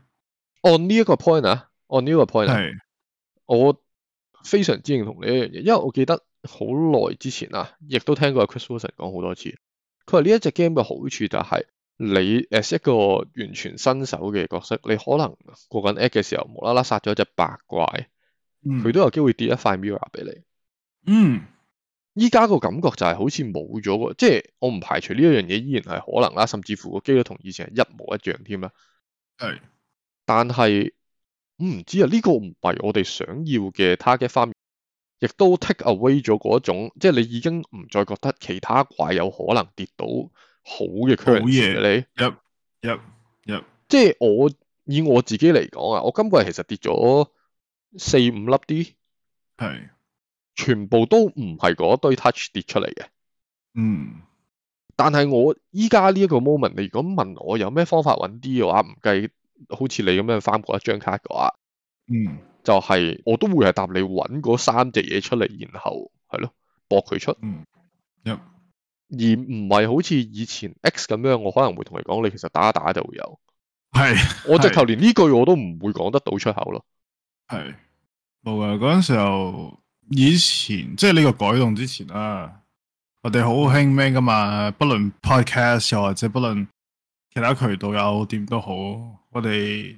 按呢一個 point 啊，按呢一個 point，我非常之認同你一樣嘢，因為我記得好耐之前啊，亦都聽過 Chris Wilson 講好多次，佢話呢一隻 game 嘅好處就係你 as 一個完全新手嘅角色，你可能過緊 act 嘅時候無啦啦殺咗一隻白怪，佢、嗯、都有機會跌一塊 mirror 俾你。嗯，依家個感覺就係好似冇咗喎，即係我唔排除呢一樣嘢依然係可能啦，甚至乎個機率同以前係一模一樣添啦。係。但係唔、嗯、知啊，呢、這個唔係我哋想要嘅。target 翻，亦都 take away 咗嗰種，即係你已經唔再覺得其他怪有可能跌到好嘅趨勢。好嘢，你、yeah,，Yup，、yeah, yeah. 即係我以我自己嚟講啊，我今個月其實跌咗四五粒啲，係全部都唔係嗰堆 touch 跌出嚟嘅。嗯、mm.，但係我依家呢一個 moment，你如果問我有咩方法穩啲嘅話，唔計。好似你咁樣翻過一張卡嘅話，嗯，就係、是、我都會係答你揾嗰三隻嘢出嚟，然後係咯博佢出，嗯，嗯，而唔係好似以前 X 咁樣，我可能會同你講，你其實打一打就會有，係，我直頭連呢句我都唔會講得到出口咯，係冇嘅嗰陣時候，以前即係呢個改動之前啦，我哋好興咩噶嘛，不論 podcast 又或者不論。其他渠道有點都好，我哋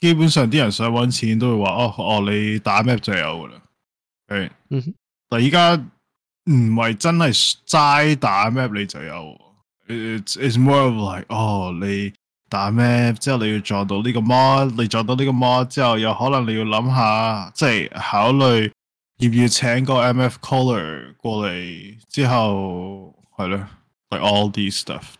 基本上啲人想搵錢都會話哦哦，你打 map 就有噶啦。誒、okay? 嗯，但係而家唔係真係齋打 map 你就有。It's, it's more of like 哦，你打 map 之後你要做到呢個 m 你做到呢個 mod 之後，又可能你要諗下，即係考慮要唔要請個 mf caller 過嚟之後係咧，like all these stuff。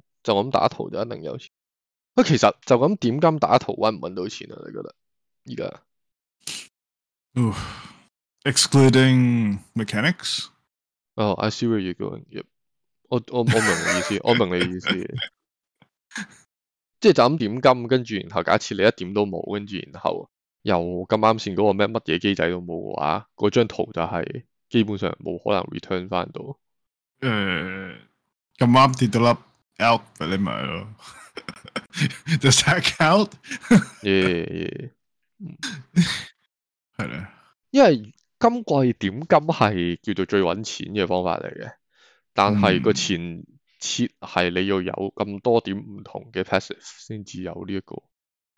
就咁打圖就一定有錢？不過其實就咁點金打圖搵唔搵到錢啊？你覺得而家、呃、？Excluding mechanics，哦、oh，I see where you're going。Yep，我我我明你意思， 我明你意思。即 係就咁點金，跟住然後假設你一點都冇，跟住然後又咁啱先嗰個咩乜嘢機制都冇嘅話，嗰張圖就係基本上冇可能 return 翻到。誒、uh，咁啱跌咗粒。out，但係唔係咯？得 set out，因為今季點金係叫做最揾錢嘅方法嚟嘅，但係個前設係你要有咁多點唔同嘅 passive 先至有呢一個。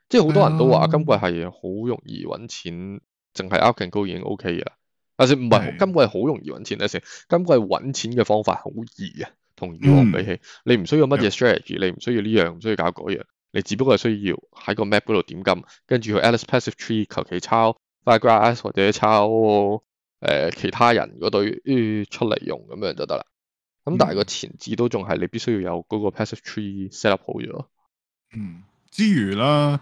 即係好多人都話今季係好容易揾錢，淨係 out gain 高已經 OK 啦。但是唔係今季係好容易揾錢咧，先今季揾錢嘅方法好易啊。同以往比起，嗯、你唔需要乜嘢 strategy，嗯、你唔需要呢樣，唔需要搞嗰樣，你只不過係需要喺個 map 度點金，跟住去 Alice Passive Tree 求其抄 Firegrass 或者抄誒、呃、其他人嗰隊、呃、出嚟用咁樣就得啦。咁但係個前置都仲係你必須要有嗰個 Passive Tree setup 好咗。嗯，之餘啦，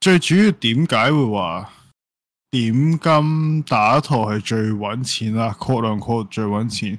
最主要點解會話點金打台係最揾錢啦，擴量擴最揾錢，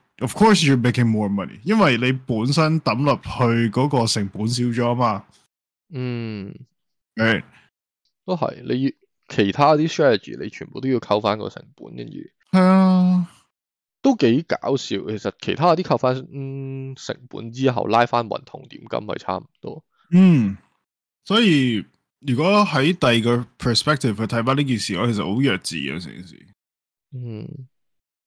Of course you're making more money，因為你本身抌落去嗰那個成本少咗啊嘛。嗯，誒、right，都係你其他啲 strategy，你全部都要扣翻個成本，跟住係啊，uh, 都幾搞笑。其實其他啲扣翻嗯成本之後拉翻雲同點金係差唔多。嗯，所以如果喺第二個 perspective 去睇翻呢件事，我其實好弱智啊成件事。嗯。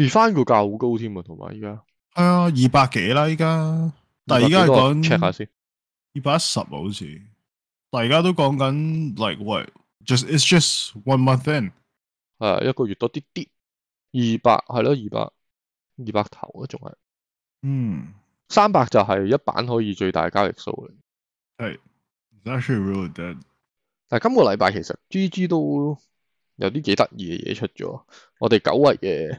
而翻個價好高添啊，同埋依家係啊，二百幾啦依家，但係而家係講 check 下先，二百一十啊好似，但而家都講緊 like what just it's just one month in，係一個月多啲啲，二百係咯二百，二百頭啊仲係，嗯三百就係一版可以最大交易數嚟，係、right.，actually really good，但係今個禮拜其實 G G 都有啲幾得意嘅嘢出咗，我哋九位嘅。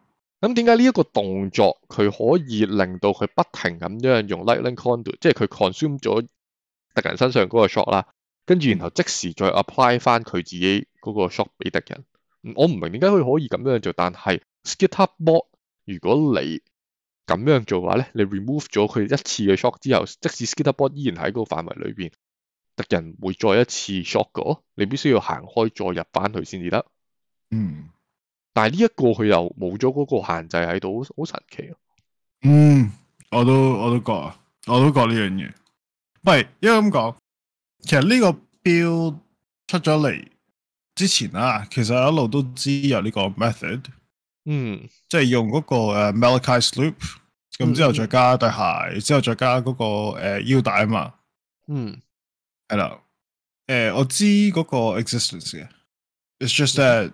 咁點解呢一個動作佢可以令到佢不停咁樣用 lightning conduit，即係佢 consume 咗敵人身上嗰個 shock 啦，跟住然後即時再 apply 翻佢自己嗰個 shock 俾敵人。我唔明點解佢可以咁樣做，但係 skitterboard 如果你咁樣做嘅話咧，你 remove 咗佢一次嘅 shock 之後，即使 skitterboard 依然喺嗰個範圍裏邊，敵人會再一次 shock 㗎。你必須要行開再入翻去先至得。嗯。但係呢一個佢又冇咗嗰個限制喺度，好神奇啊！嗯，我都我都覺啊，我都覺呢樣嘢，喂，因為咁講，其實呢個 build 出咗嚟之前啊，其實一路都知有呢個 method，嗯，即、就、係、是、用嗰、那個誒、uh, Malachai's Loop，咁、嗯、之後再加對鞋，之後再加嗰、那個誒、uh, 腰帶啊嘛，嗯，係啦，誒我知嗰個 existence 嘅，it's just that、嗯。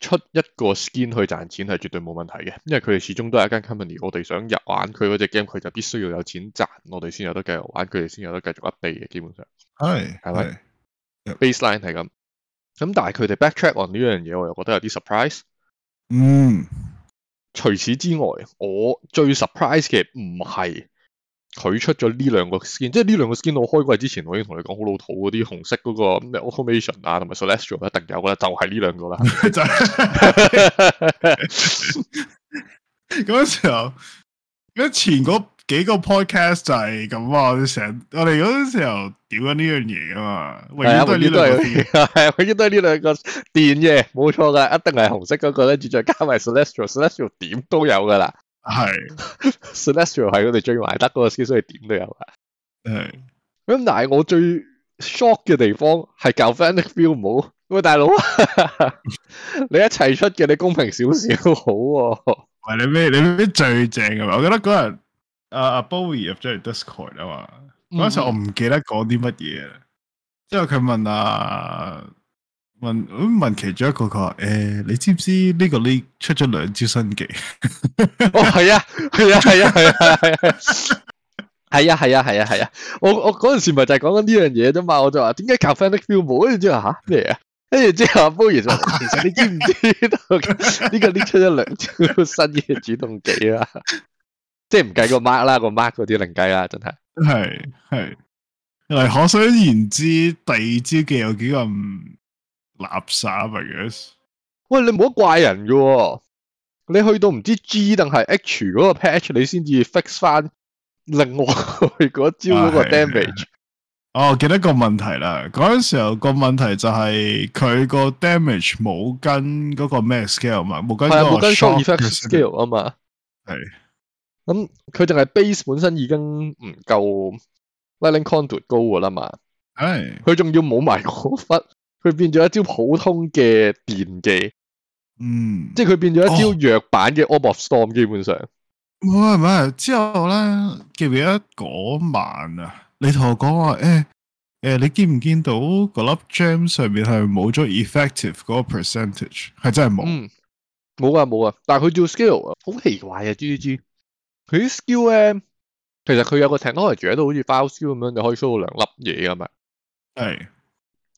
出一個 skin 去賺錢係絕對冇問題嘅，因為佢哋始終都係一間 company，我哋想入玩佢嗰隻 game，佢就必須要有錢賺，我哋先有得繼續玩，佢哋先有得繼續 update 嘅，基本上係係咪 baseline 係咁？咁但係佢哋 backtrack on 呢樣嘢，我又覺得有啲 surprise。嗯，除此之外，我最 surprise 嘅唔係。佢出咗呢兩個 skin，即係呢兩個 skin，我開季之前我已經同你講，好老土嗰啲紅色嗰個 Automation 啊，同埋 Celestial 一定有噶啦，就係呢兩個啦。咁樣時候，咁前嗰幾個 podcast 就係咁啊，成日我哋嗰陣時候屌緊呢樣嘢啊嘛，唯一都係呢兩個，係唯一都係呢兩個電嘅，冇錯噶，一定係紅色嗰個咧，再加埋 Celestial，Celestial 點都有噶啦。係，celestial 係佢哋追埋得嗰個思想係點都有嘅。咁但係我最 shock 嘅地方係教 friend feel 冇喂，大佬， 你一齊出嘅你公平少少好喎，啊。喂 你咩你咩最正啊？我覺得嗰日阿阿 Bowie 入咗嚟 Discord 啊嘛，嗰陣時候我唔記得講啲乜嘢，因為佢問啊。問，問其中一個佢誒、欸，你知唔知呢個呢出咗兩招新技？哦，係啊，係啊，係啊，係啊，係啊，係啊，係啊，係啊，係啊，我我嗰陣時咪就係講緊呢樣嘢啫嘛，我就話點解靠 Fantastic Four 跟住之後吓咩啊？跟住之後 Boys 話：其實你知唔知道呢個呢出咗兩招新嘅主動技啊？即係唔計個 Mark 啦，個 Mark 嗰啲零計啦，真係係係。嚟可想言之，第二招技有幾咁？垃圾，I guess。喂，你冇得怪人噶，你去到唔知 G 定係 H 嗰個 patch，你先至 fix 翻另外嗰招嗰個 damage，啊。哦，記得個問題啦，嗰陣時候個問題就係、是、佢個 damage 冇跟嗰個咩 scale 嘛，冇跟個 shock effect scale 啊嘛。係。咁佢淨係 base 本身已經唔夠 Lightning Conduit 高噶啦嘛。係。佢仲要冇埋嗰忽。佢變咗一招普通嘅電技，嗯，即係佢變咗一招弱版嘅 Orb of Storms、哦、基本上，冇係唔係之後咧，記唔記得嗰晚啊？你同我講話，誒、欸、誒、呃，你見唔見到嗰粒 gem 上面係冇咗 effective 嗰個 percentage？係真係冇，嗯，冇啊冇啊，但係佢做 skill 啊，好奇怪啊，G G G，佢啲 skill 咧，其實佢有個 technology 喺度，也好似 f i l e skill 咁樣，你可以 show 到兩粒嘢咁嘛，係。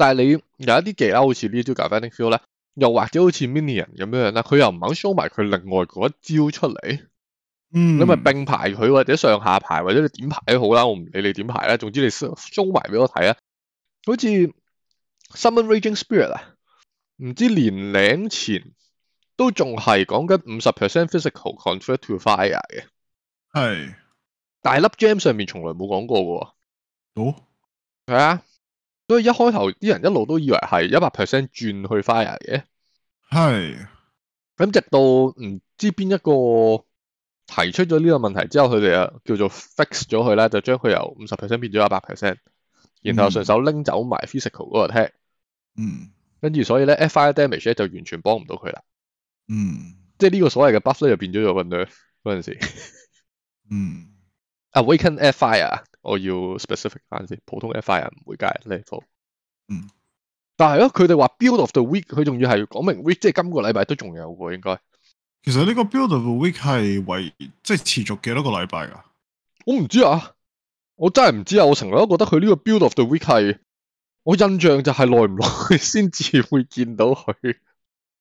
但係你有一啲技啦，好似呢招 Galvanic Field 咧，又或者好似 Minion 咁樣樣啦，佢又唔肯 show 埋佢另外嗰一招出嚟，咁、嗯、咪並排佢，或者上下排，或者你點排都好啦，我唔理你點排啦，總之你 show show 埋俾我睇啊！好似 Summon Raging Spirit 啊，唔知年領前都仲係講緊五十 percent physical convert to fire 嘅，係，大粒 gem 上面從來冇講過嘅喎，哦，係啊。所以一開頭啲人一路都以為係一百 percent 轉去 fire 嘅，係。咁直到唔知邊一個提出咗呢個問題之後，佢哋啊叫做 fix 咗佢咧，就將佢由五十 percent 變咗一百 percent，然後順手拎走埋 physical 嗰個 tag 嗯。跟住所以咧 fire damage 咧就完全幫唔到佢啦。嗯。即係呢個所謂嘅 buff 咧，就變咗咗咁樣嗰陣時。嗯。Awaken Air Fire。我要 specific 翻先，普通 F.I.A. 唔會介意 level。嗯，但係咯，佢哋話 build of the week，佢仲要係講明 week，即係今個禮拜都仲有喎，應該。其實呢個 build of the week 係為即係持續幾多個禮拜噶？我唔知啊，我真係唔知啊。我成日都覺得佢呢個 build of the week 係，我印象就係耐唔耐先至會見到佢。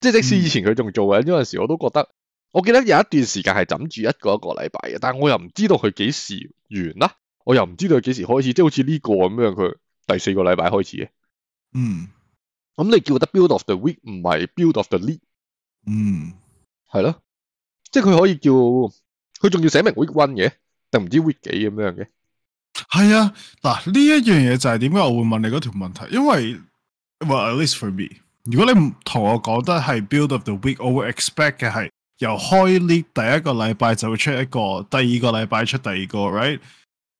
即係即使以前佢仲做嘅，呢、嗯、陣時，我都覺得，我記得有一段時間係枕住一個一個禮拜嘅，但我又唔知道佢幾時完啦。我又唔知道幾時開始，即係好似呢個咁樣，佢第四個禮拜開始嘅。嗯，咁你叫得 build of the week 唔係 build of the league。嗯，係咯，即係佢可以叫，佢仲要寫明 week one 嘅，定唔知 week 幾咁樣嘅。係啊，嗱、啊、呢一樣嘢就係點解我會問你嗰條問題？因為，或、well, at least for me，如果你唔同我講得係 build of the week 我會 expect 嘅，係由開 league 第一個禮拜就會出一個，第二個禮拜出第二個，right？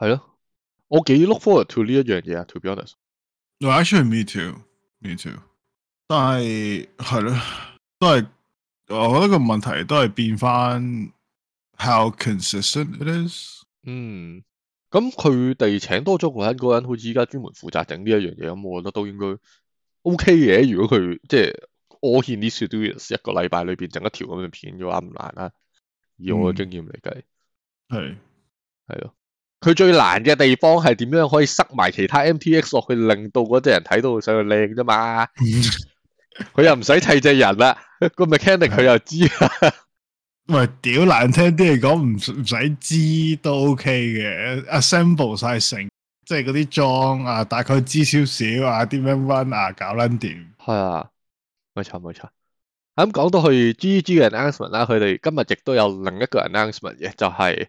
係咯，我幾 look forward to 呢一樣嘢啊！To be honest，no，actually，me too，me too, me too. 但。但係係咯，都係我覺得個問題都係變翻 how consistent it is。嗯，咁佢哋請多咗個人，嗰、那個人好似依家專門負責整呢一樣嘢，咁我覺得都應該 O K 嘅。如果佢即係 all he needs to do is 一個禮拜裏邊整一條咁嘅片嘅話，唔難啊。以我嘅經驗嚟計，係係咯。佢最難嘅地方係點樣可以塞埋其他 MTX 落去，令到嗰隻人睇到上去靚啫嘛？佢 又唔使砌隻人啦， 個 mechanic 佢又知。唔係，屌難聽啲嚟講，唔唔使知都 OK 嘅。assemble 晒成，即係嗰啲裝啊，大概知少少啊，點樣 run 啊，搞捻掂。係啊，冇錯冇錯。咁、啊、講到去 GGG 嘅 announcement 啦，佢哋今日亦都有另一個 announcement 嘅，就係、是。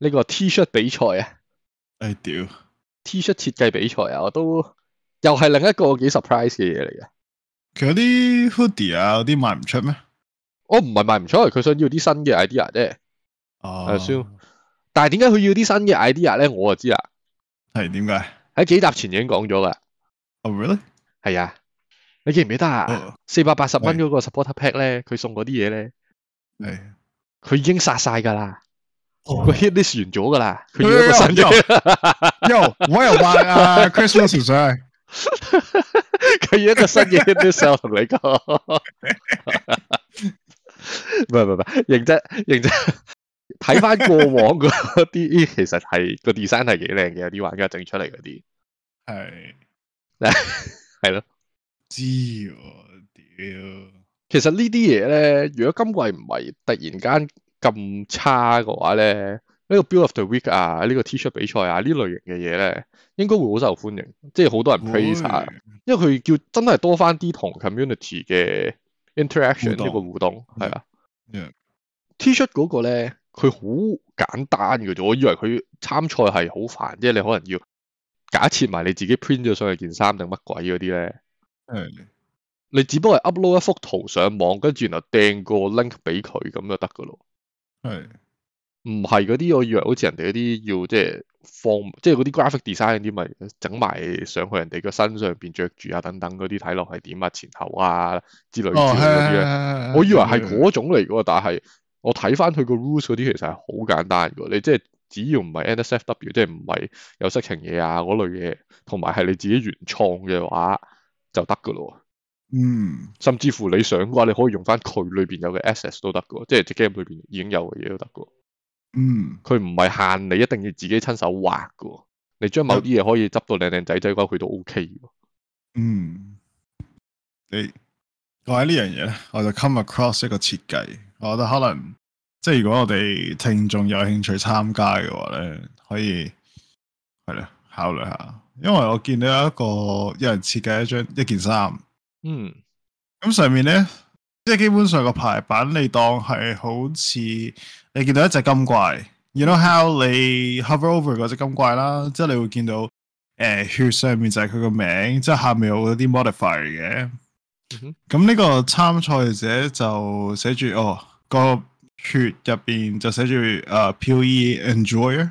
呢個 T 恤比賽啊，哎屌，T 恤設計比賽啊，我都又係另一個幾 surprise 嘅嘢嚟嘅。佢有啲 hoodie 啊，有啲賣唔出咩？我唔係賣唔出，佢想要啲新嘅 idea 啫。哦，係啊。但係點解佢要啲新嘅 idea 咧？我就知啦。係點解？喺幾集前已經講咗噶。哦，really？係啊。你記唔記得啊？四百八十蚊嗰個 supporter pack 咧，佢送嗰啲嘢咧，係。佢已經殺晒噶啦。個 hit list 完咗噶啦，佢要一個新嘢。又我又話啊 Christmas 潮水，佢要一個新嘅 hit list 同你講。 唔係唔係唔係，認真認真睇翻過往嗰啲，呢 其實係個 design 係幾靚嘅，啲玩家整出嚟嗰啲係係咯，知哦屌、啊。其實呢啲嘢咧，如果今季唔係突然間。咁差嘅話咧，呢、這個 Build of the Week 啊，呢、這個 T-shirt 比賽啊，呢類型嘅嘢咧，應該會好受歡迎，即係好多人 praise 啊，因為佢叫真係多翻啲同 community 嘅 interaction 呢、這個互動係、yeah，啊。Yeah. T-shirt 嗰個咧，佢好簡單嘅啫，我以為佢參賽係好煩，即係你可能要假設埋你自己 print 咗上去件衫定乜鬼嗰啲咧，yeah。你只不過 upload 一幅圖上網，跟住然後掟個 link 俾佢咁就得噶咯。係唔係嗰啲？我以為好似人哋嗰啲要即係放，即係嗰啲 graphic design 啲，咪整埋上去人哋個身上邊着住啊，等等嗰啲睇落係點啊，前後啊之類之類嗰啲，哦，我以為係嗰種嚟噶。但係我睇翻佢個 rules 嗰啲，其實係好簡單噶。你即係只要唔係 NSFW，即係唔係有色情嘢啊嗰類嘢，同埋係你自己原創嘅話就得噶咯。嗯，甚至乎你想嘅話，你可以用翻佢裏邊有嘅 access 都得嘅，即係自己 game 裏邊已經有嘅嘢都得嘅。嗯，佢唔係限你一定要自己親手畫嘅，你將某啲嘢可以執到靚靚仔仔嘅話，佢都 O K 嘅。嗯，你講起呢樣嘢咧，我就 come across 一個設計，我覺得可能即係如果我哋聽眾有興趣參加嘅話咧，可以係啦，考慮下，因為我見到有一個有人設計一張一件衫。嗯，咁上面咧，即係基本上個排版，你當係好似你見到一隻金怪，you know how 你 hover over 嗰隻金怪啦，即、就、係、是、你會見到誒、呃、血上面就係佢個名，即、就、係、是、下面有啲 modifier 嘅。咁、嗯、呢個參賽者就寫住哦，個血入邊就寫住誒 PoE enjoyer。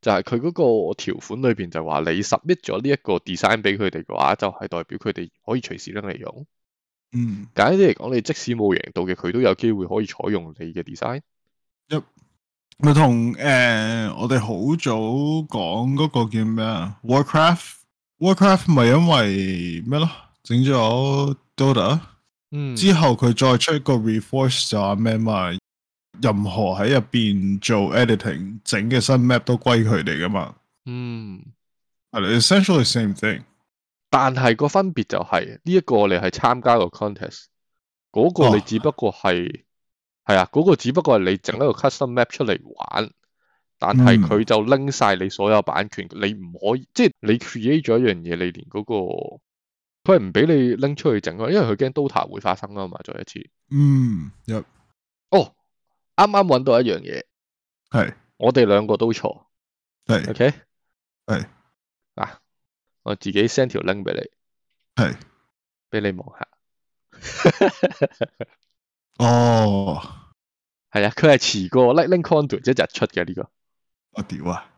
就係佢嗰個條款裏邊就話你 submit 咗呢一個 design 俾佢哋嘅話，就係代表佢哋可以隨時拎嚟用。嗯，簡單啲嚟講，你即使冇贏到嘅，佢都有機會可以採用你嘅 design。Yep. 咪同誒我哋好早講嗰個叫咩啊？Warcraft，Warcraft 咪因為咩咯？整咗 Dota 嗯，之後佢再出一個 Reforge 就係咩嘛？任何喺入邊做 editing 整嘅新 map 都歸佢哋㗎嘛。嗯，係啦，essentially same thing，但係個分別就係呢一個你係參加個 contest，嗰個你只不過係係、哦、啊，嗰、那個只不過係你整一個 custom map 出嚟玩，但係佢就拎晒你所有版權，嗯、你唔可以即係、就是、你 create 咗一樣嘢，你連嗰、那個佢係唔俾你拎出去整啊，因為佢驚 Dota 會發生啊嘛，再一次。嗯，有、yep. 哦。啱啱揾到一樣嘢，係我哋兩個都錯了，係，OK，係，嗱、啊，我自己 send 條 link 俾你，係，俾你望下，哦，係、 哦、啊，佢係遲過 link link conduit 即日出嘅呢個，我屌啊！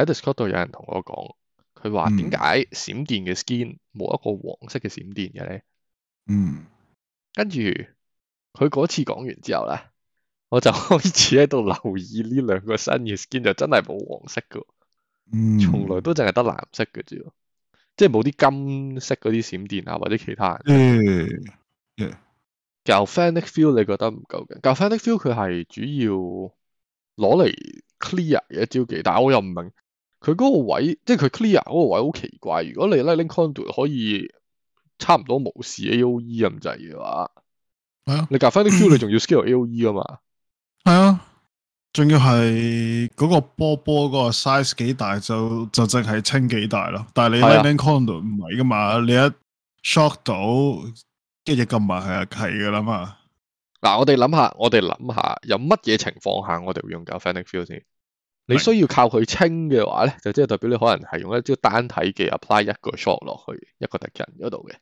喺 Discord 度有人同我講，佢話點解閃電嘅 skin 冇一個黃色嘅閃電嘅咧？嗯，跟住佢嗰次講完之後咧，我就開始喺度留意呢兩個新嘅 skin，就真係冇黃色嘅，嗯，從來都淨係得藍色嘅啫，即係冇啲金色嗰啲閃電啊，或者其他。嗯、欸，由、欸、Galvanic Field 你覺得唔夠嘅？由 Galvanic Field 佢係主要攞嚟 clear 嘅一招技，但係我又唔明白。佢嗰個位，即係佢 clear 嗰個位好奇怪。如果你 Lightning Conduit 可以差唔多無視 A.O.E. 咁滯嘅話，是啊、你 Galvanic Field，你仲要 scale A.O.E. 啊嘛？係啊，仲要係嗰個波波嗰個 size 幾大就，就就淨係清幾大咯。但係你 Lightning Conduit 唔係噶嘛是、啊，你一 shock 到跟住撳埋係啊，係噶啦嘛。嗱，我哋諗下，我哋諗下，有乜嘢情況下我哋會用 Galvanic Field 先？你需要靠佢清嘅話咧，就即係代表你可能係用一招單體嘅 apply 一個 shock 落去一個敵人嗰度嘅，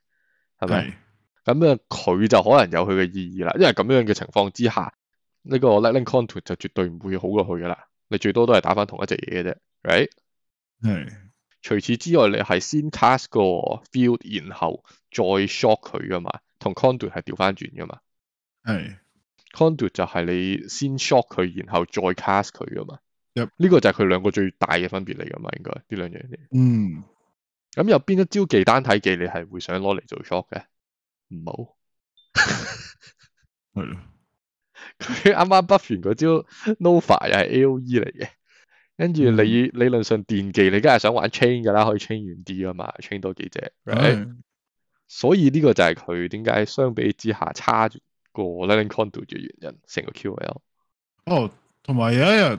係咪？咁啊，佢就可能有佢嘅意義啦。因為咁樣嘅情況之下，呢、這個 lightning conduit 就絕對唔會好過佢噶啦。你最多都係打翻同一隻嘢嘅啫 right？係。除此之外，你係先 cast 個 field，然後再 shock 佢噶嘛？同 conduit 係調翻轉噶嘛？係。conduit 就係你先 shock 佢，然後再 cast 佢噶嘛？.呢、yep. 個就係佢兩個最大嘅分別嚟噶嘛，應該呢兩樣嘢。嗯，咁有邊一招技單體技你係會想攞嚟做 shock 嘅？冇係咯。佢啱啱 buff 完嗰招 Nova 又係 A O E 嚟嘅，跟住你，、嗯、你理論上電技你梗係想玩 chain 噶啦，可以 chain 遠啲啊嘛，chain 多幾隻。Right? 所以呢個就係佢點解相比之下差住個 Lightning Conduit 嘅原因，成個 Q L。哦，同埋有一日。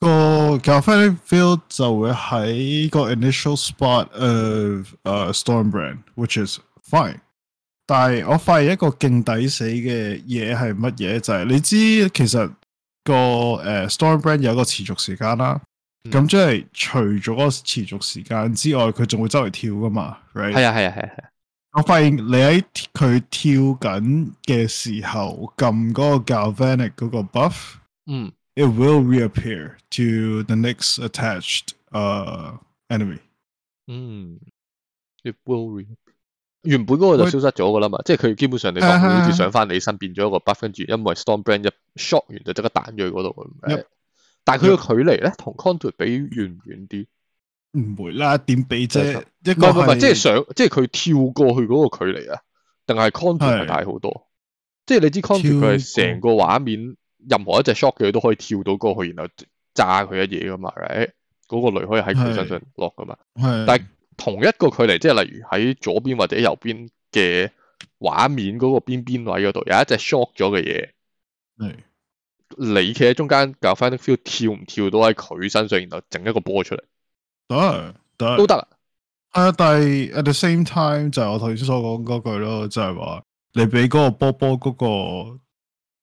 個 galvanic field 就會喺個 initial spot of、uh, stormbrand，which is fine。但係我發現一個勁抵死嘅嘢係乜嘢？就係、是、你知其實、個誒、uh, stormbrand 有一個持續時間啦。咁即係除咗個持續時間之外，佢仲會周圍跳噶嘛？係、right? 啊係啊係啊！我發現你喺佢跳緊嘅時候，撳嗰個 galvanic 嗰個 buff。嗯。It will reappear to the next attached enemy。嗯，it will reappear。原本嗰個就消失咗噶啦嘛，即係佢基本上你當好似上翻你身，變咗一個 buff，跟住、啊啊、因為 Storm Brand 一 shot 完就即刻彈咗去嗰度。但係佢個距離咧，同 contour 比遠唔遠啲？唔會啦，點比啫？一個唔係，即係、就是、上，即係佢跳過去嗰個距離啊？定係 contour 大好多？即係你知 contour，佢係成個畫面。任何一隻 shock 佢都可以跳到過去，然後炸佢一嘢噶嘛？誒、欸，嗰、那個雷可以喺佢身上落噶嘛？係。但係同一個距離，即係例如喺左邊或者右邊嘅畫面嗰個邊邊位嗰度，有一隻 shock 咗嘅嘢。係。你企喺中間，搞翻啲 feel 跳唔跳到喺佢身上，然後整一個波出嚟？得得都得啦。啊，但係 at the same time 就係我頭先所講嗰句咯，就係、是、話你俾嗰個波波嗰個。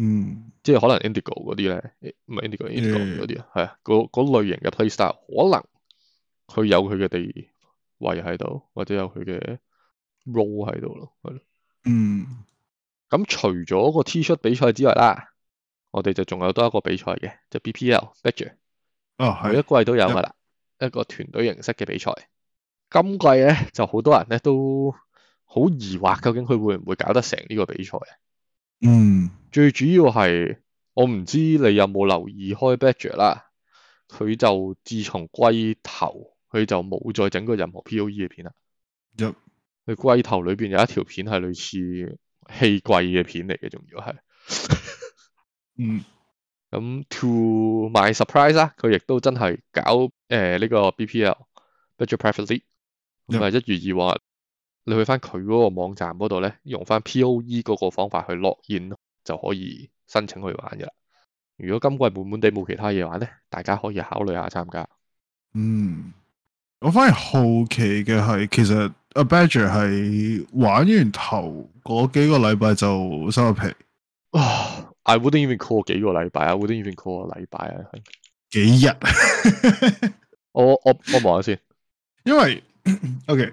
嗯，即係可能 Indigo 嗰啲咧，唔係 Indigo，Indigo 嗰啲啊，係、yeah. 啊，嗰嗰類型嘅 Playstyle 可能佢有佢嘅地位喺度，或者有佢嘅 role 喺度咯，係咯。嗯，咁除咗個 T 恤比賽之外啦，我哋就仲有多一個比賽嘅，就 BPL，Badger 哦，係。每一季都有噶啦、yeah.，一個團隊形式嘅比賽。今季咧就好多人咧都好疑惑，究竟佢會唔會搞得成呢個比賽嗯，最主要係我唔知你有冇留意開 budget 啦，佢就自從歸頭，佢就冇再整過任何 P.O.E 嘅片啦。佢歸頭裏邊有一條片係類似戲櫃嘅片嚟嘅，仲要係。嗯，咁、 嗯、to my surprise 啦、啊，佢亦都真係搞誒呢、呃這個 B.P.L budget perfectly，唔、嗯、係一如以往。你去翻佢嗰個網站嗰度咧，用翻 P.O.E 嗰個方法去落現咯，就可以申請去玩嘅啦。如果今季滿滿地冇其他嘢玩咧，大家可以考慮下參加。嗯，我反而好奇嘅係，其實阿 Badger 係玩完頭嗰幾個禮拜就收咗皮。啊，I wouldn't even call 幾個禮拜，I wouldn't even call 個禮拜啊，係幾日？ 我我我望下先，因為 OK。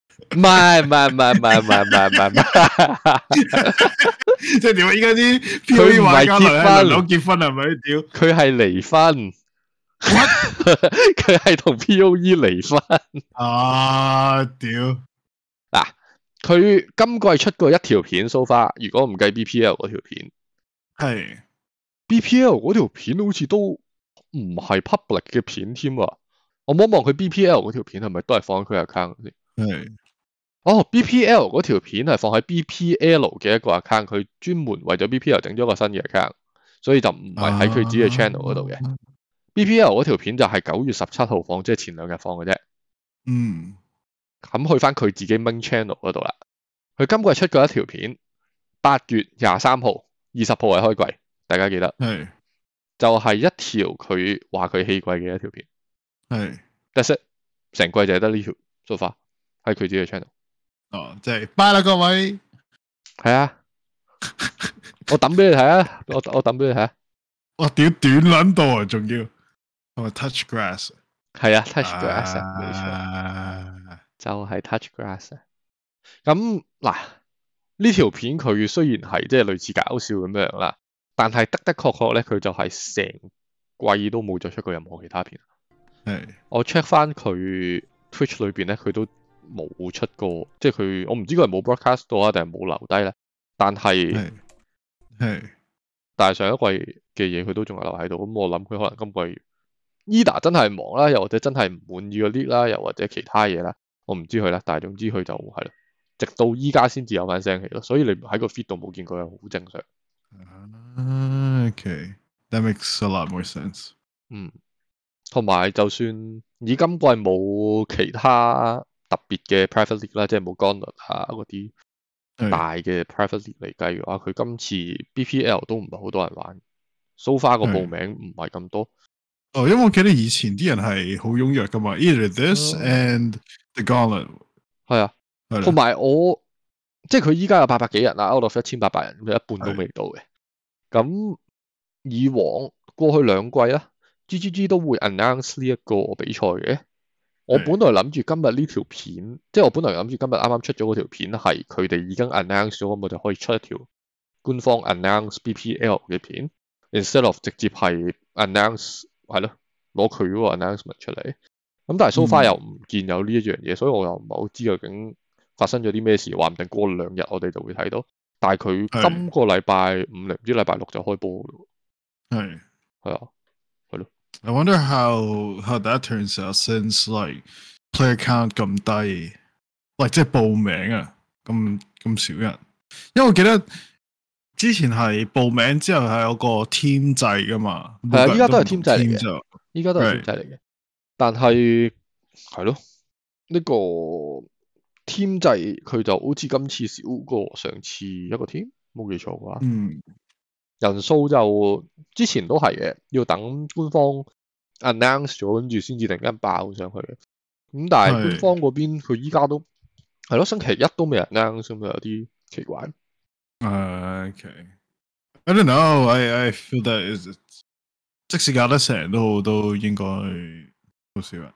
唔係唔係唔係唔係唔係唔係，即係點啊？依家啲佢唔係結翻兩結婚係咪？屌，佢係離婚，佢係同 PoE 離婚。啊，屌！嗱，佢今季出過一條片 so far，如果唔計 BPL 嗰條片，係。BPL 嗰條片好似都唔係 public 嘅片添啊！我望望佢 BPL 嗰條片係咪都係放喺佢 account 先？係。哦、oh,，BPL 嗰條片係放喺 BPL 嘅一個 account，佢專門為咗 BPL 整咗個新嘅 account，所以就唔係喺佢自己嘅 channel 嗰度嘅。BPL 嗰條片就係九月十七號放，即係前兩日放嘅啫。嗯，咁去翻佢自己 main channel 嗰度啦。佢今季出過一條片，八月廿三號，二十號係開季，大家記得。係，就係一條佢話佢棄季嘅一條片。係 that's it 成季就係得呢條 so far 喺佢自己嘅 channel。哦，即係拜啦，各位係啊， 我等俾你睇啊，我我等俾你睇，啊，我屌、哦、短卵到啊，仲要我 touch grass，係啊，touch grass，冇錯就係 touch grass。咁嗱、啊，呢、啊就是、條片佢雖然係即係類似搞笑咁樣啦，但係的的確確咧，佢就係成季都冇再出過任何其他片。係，我 check 翻佢 Twitch 裏邊咧，佢都。冇出過，即係佢，我唔知佢係冇 broadcast 到啊，定係冇留低咧。但係，係、hey. hey.，但係上一季嘅嘢佢都仲係留喺度。咁、嗯、我諗佢可能今季 Edda 真係忙啦，又或者真係唔滿意嗰啲啦，又或者其他嘢啦，我唔知佢啦。但係總之佢就係咯，直到依家先至有翻聲氣咯。所以你喺個 feed 度冇見過係好正常。Uh, okay, that makes a lot more sense。嗯，同埋就算咦，今季冇其他。特別嘅 private league 啦，即係冇幹 n 啊，嗰啲大嘅 private league 嚟計嘅話，哇！佢今次 BPL 都唔係好多人玩。So far 個報名唔係咁多。哦，因為我記得以前啲人係好踴躍噶嘛，例如 This、嗯、and the Gauntlet 係啊，同埋、啊、我即係佢依家有八百幾人啦，out of 一千八百人，佢一半都未到嘅。咁以往過去兩季啦 GGG 都會 announce 呢一個比賽嘅。我本來諗住今日呢條片，的即係我本來諗住今日啱啱出咗嗰條片係佢哋已經 announce 咗，我就可以出一條官方 announce BPL 嘅片，instead of 直接係 announce 係咯，攞佢嗰個 announcement 出嚟。咁但係 so far、嗯、又唔見有呢一樣嘢，所以我又唔係好知究竟發生咗啲咩事，話唔定過兩日我哋就會睇到。但係佢今個禮拜五嚟唔知禮拜六就開播咯。係係啊。I wonder how how that turns out. Since like player count 咁低，like 即係報名啊咁咁少人。因為我記得之前係報名之後係有個 team 制噶嘛。係啊，而家都係 team 制嘅，而家都係 team 制嚟嘅。但係係咯，呢個 team 制佢就好似今次少過上次一個 team，冇記錯啩。嗯。人數就之前都係嘅，要等官方 announce 咗，跟住先至突然間爆上去嘅。咁但係官方嗰邊佢依家都係咯，星期一都未 announce，咁就有啲奇怪。Uh, o、okay. k I don't know，I feel that 即使搞得成都好都應該好少人。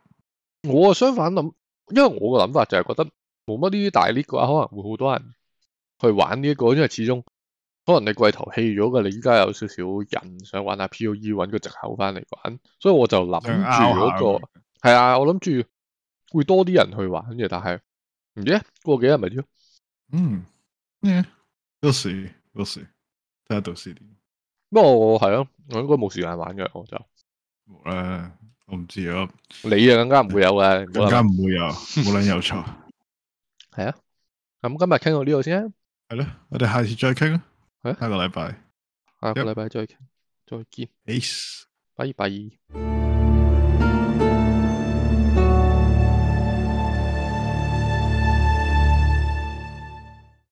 我啊相反諗，因為我個諗法就係覺得冇乜呢啲大呢個，可能會好多人去玩呢、這、一個，因為始終。可能你櫃頭棄咗嘅，你依家有少少人想玩下 PoE，揾個藉口翻嚟玩，所以我就諗住嗰個係啊，我諗住會多啲人去玩嘅，但係唔知過幾日咪要？嗯，咩？We'll see，We'll see，睇下到時點。不過我係啊，我應該冇時間玩嘅，我就誒、啊，我唔知啊，你啊，更加唔會有啊，更加唔會有，無 論有錯係啊。咁今日傾到呢度先，係咯，我哋下次再傾啊。下個禮拜，下個禮拜再見，再見，Peace，拜拜。